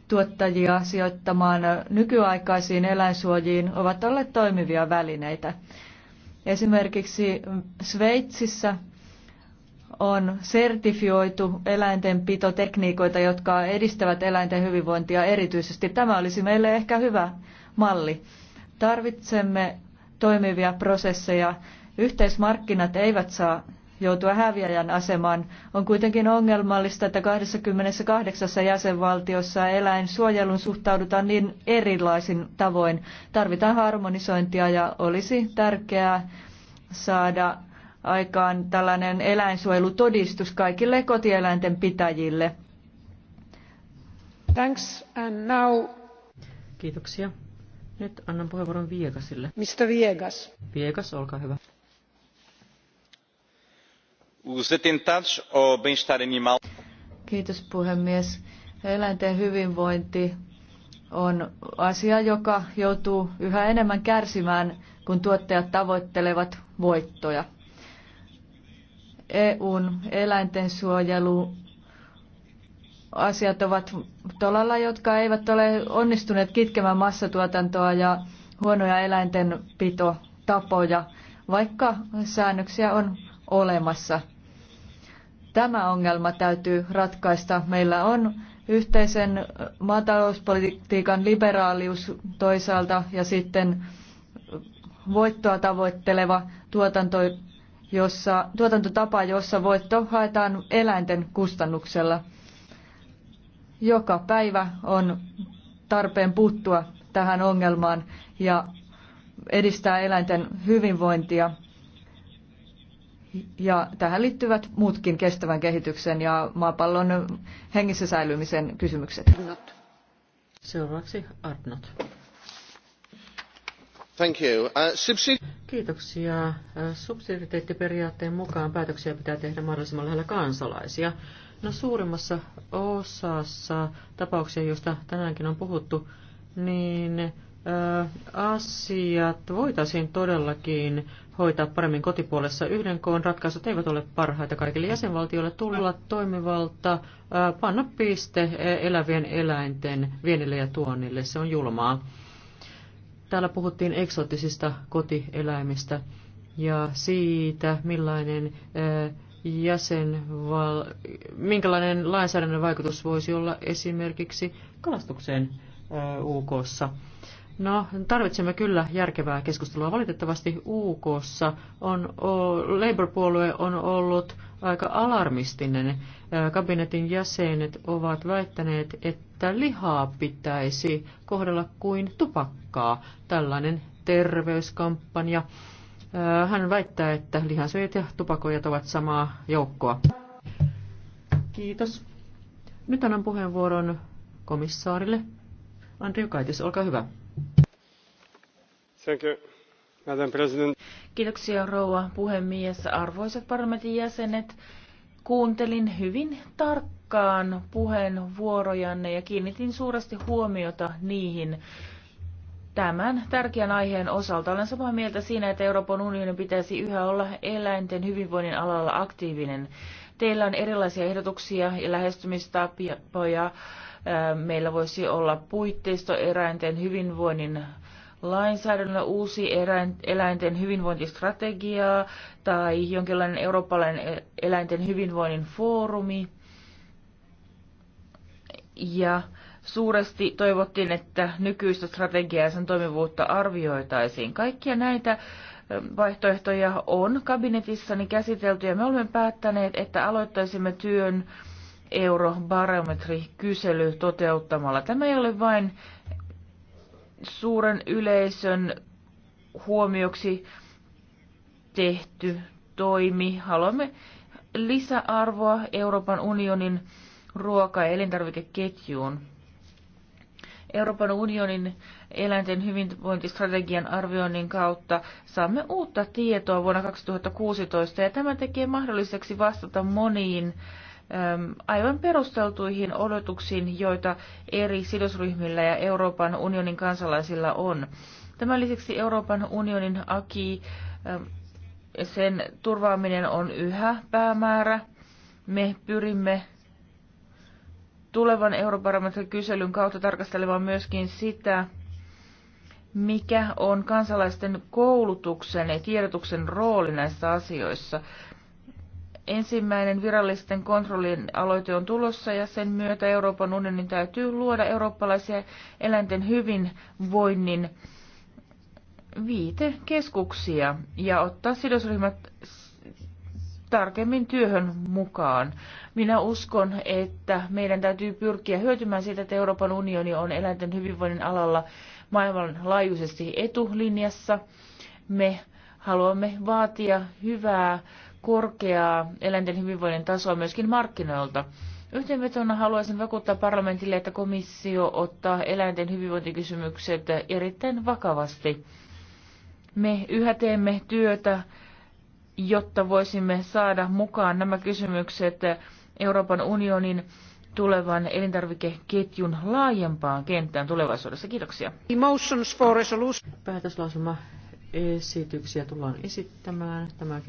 tuottajia sijoittamaan nykyaikaisiin eläinsuojiin, ovat olleet toimivia välineitä. Esimerkiksi Sveitsissä on sertifioitu eläintenpitotekniikoita, jotka edistävät eläinten hyvinvointia erityisesti. Tämä olisi meille ehkä hyvä malli. Tarvitsemme toimivia prosesseja. Yhteismarkkinat eivät saa joutua häviäjän asemaan. On kuitenkin ongelmallista, että 28 jäsenvaltiossa eläinsuojelun suhtaudutaan niin erilaisin tavoin. Tarvitaan harmonisointia ja olisi tärkeää saada aikaan tällainen eläinsuojelutodistus kaikille kotieläinten pitäjille. Thanks and now... Kiitoksia. Nyt annan puheenvuoron Viegasille. Mistä Viegas? Viegas, olkaa hyvä. Kiitos puhemies. Eläinten hyvinvointi on asia, joka joutuu yhä enemmän kärsimään, kun tuottajat tavoittelevat voittoja. EUn eläintensuojelu asiat ovat tolalla, jotka eivät ole onnistuneet kitkemään massatuotantoa ja huonoja eläintenpitotapoja, vaikka säännöksiä on olemassa. Tämä ongelma täytyy ratkaista. Meillä on yhteisen maatalouspolitiikan liberaalius toisaalta ja sitten voittoa tavoitteleva tuotanto, jossa, tuotantotapa, jossa voitto haetaan eläinten kustannuksella. Joka päivä on tarpeen puuttua tähän ongelmaan ja edistää eläinten hyvinvointia. Ja tähän liittyvät muutkin kestävän kehityksen ja maapallon hengissä säilymisen kysymykset. Seuraavaksi Arnott. Thank you. Uh, subsidi- Kiitoksia. Uh, subsidiariteettiperiaatteen mukaan päätöksiä pitää tehdä mahdollisimman lähellä kansalaisia. No suurimmassa osassa tapauksia, joista tänäänkin on puhuttu, niin asiat voitaisiin todellakin hoitaa paremmin kotipuolessa. Yhden koon ratkaisut eivät ole parhaita kaikille jäsenvaltioille tulla toimivalta panna piste e, elävien eläinten vienille ja tuonnille. Se on julmaa. Täällä puhuttiin eksoottisista kotieläimistä ja siitä, millainen jäsenval... minkälainen lainsäädännön vaikutus voisi olla esimerkiksi kalastukseen UKssa. No, tarvitsemme kyllä järkevää keskustelua. Valitettavasti uk on, Labour-puolue on ollut aika alarmistinen. Kabinetin jäsenet ovat väittäneet, että lihaa pitäisi kohdella kuin tupakkaa. Tällainen terveyskampanja hän väittää, että lihansyöjät ja tupakoijat ovat samaa joukkoa. Kiitos. Nyt annan puheenvuoron komissaarille. Andrew Kaitis, olkaa hyvä. Thank you, Madam President. Kiitoksia rouva puhemies. Arvoisat parlamentin jäsenet, kuuntelin hyvin tarkkaan puheenvuorojanne ja kiinnitin suuresti huomiota niihin tämän tärkeän aiheen osalta. Olen samaa mieltä siinä, että Euroopan unionin pitäisi yhä olla eläinten hyvinvoinnin alalla aktiivinen. Teillä on erilaisia ehdotuksia ja lähestymistapoja. Meillä voisi olla puitteisto eläinten hyvinvoinnin lainsäädännöllä uusi eläinten hyvinvointistrategia tai jonkinlainen eurooppalainen e-, eläinten hyvinvoinnin foorumi. Ja suuresti toivottiin, että nykyistä strategiaa ja sen toimivuutta arvioitaisiin. Kaikkia näitä vaihtoehtoja on kabinetissani käsitelty ja me olemme päättäneet, että aloittaisimme työn eurobarometrikysely toteuttamalla. Tämä ei ole vain suuren yleisön huomioksi tehty toimi. Haluamme lisäarvoa Euroopan unionin ruoka- ja elintarvikeketjuun. Euroopan unionin eläinten hyvinvointistrategian arvioinnin kautta saamme uutta tietoa vuonna 2016 ja tämä tekee mahdolliseksi vastata moniin aivan perusteltuihin odotuksiin, joita eri sidosryhmillä ja Euroopan unionin kansalaisilla on. Tämän lisäksi Euroopan unionin aki, sen turvaaminen on yhä päämäärä. Me pyrimme tulevan kyselyn kautta tarkastelemaan myöskin sitä, mikä on kansalaisten koulutuksen ja tiedotuksen rooli näissä asioissa. Ensimmäinen virallisten kontrollin aloite on tulossa ja sen myötä Euroopan unionin täytyy luoda eurooppalaisia eläinten hyvinvoinnin viitekeskuksia ja ottaa sidosryhmät tarkemmin työhön mukaan. Minä uskon, että meidän täytyy pyrkiä hyötymään siitä, että Euroopan unioni on eläinten hyvinvoinnin alalla maailmanlaajuisesti etulinjassa. Me haluamme vaatia hyvää, korkeaa eläinten hyvinvoinnin tasoa myöskin markkinoilta. Yhteenvetona haluaisin vakuuttaa parlamentille, että komissio ottaa eläinten hyvinvointikysymykset erittäin vakavasti. Me yhä teemme työtä jotta voisimme saada mukaan nämä kysymykset Euroopan unionin tulevan elintarvikeketjun laajempaan kenttään tulevaisuudessa. Kiitoksia. Päätöslauselma esityksiä tullaan esittämään. Tämä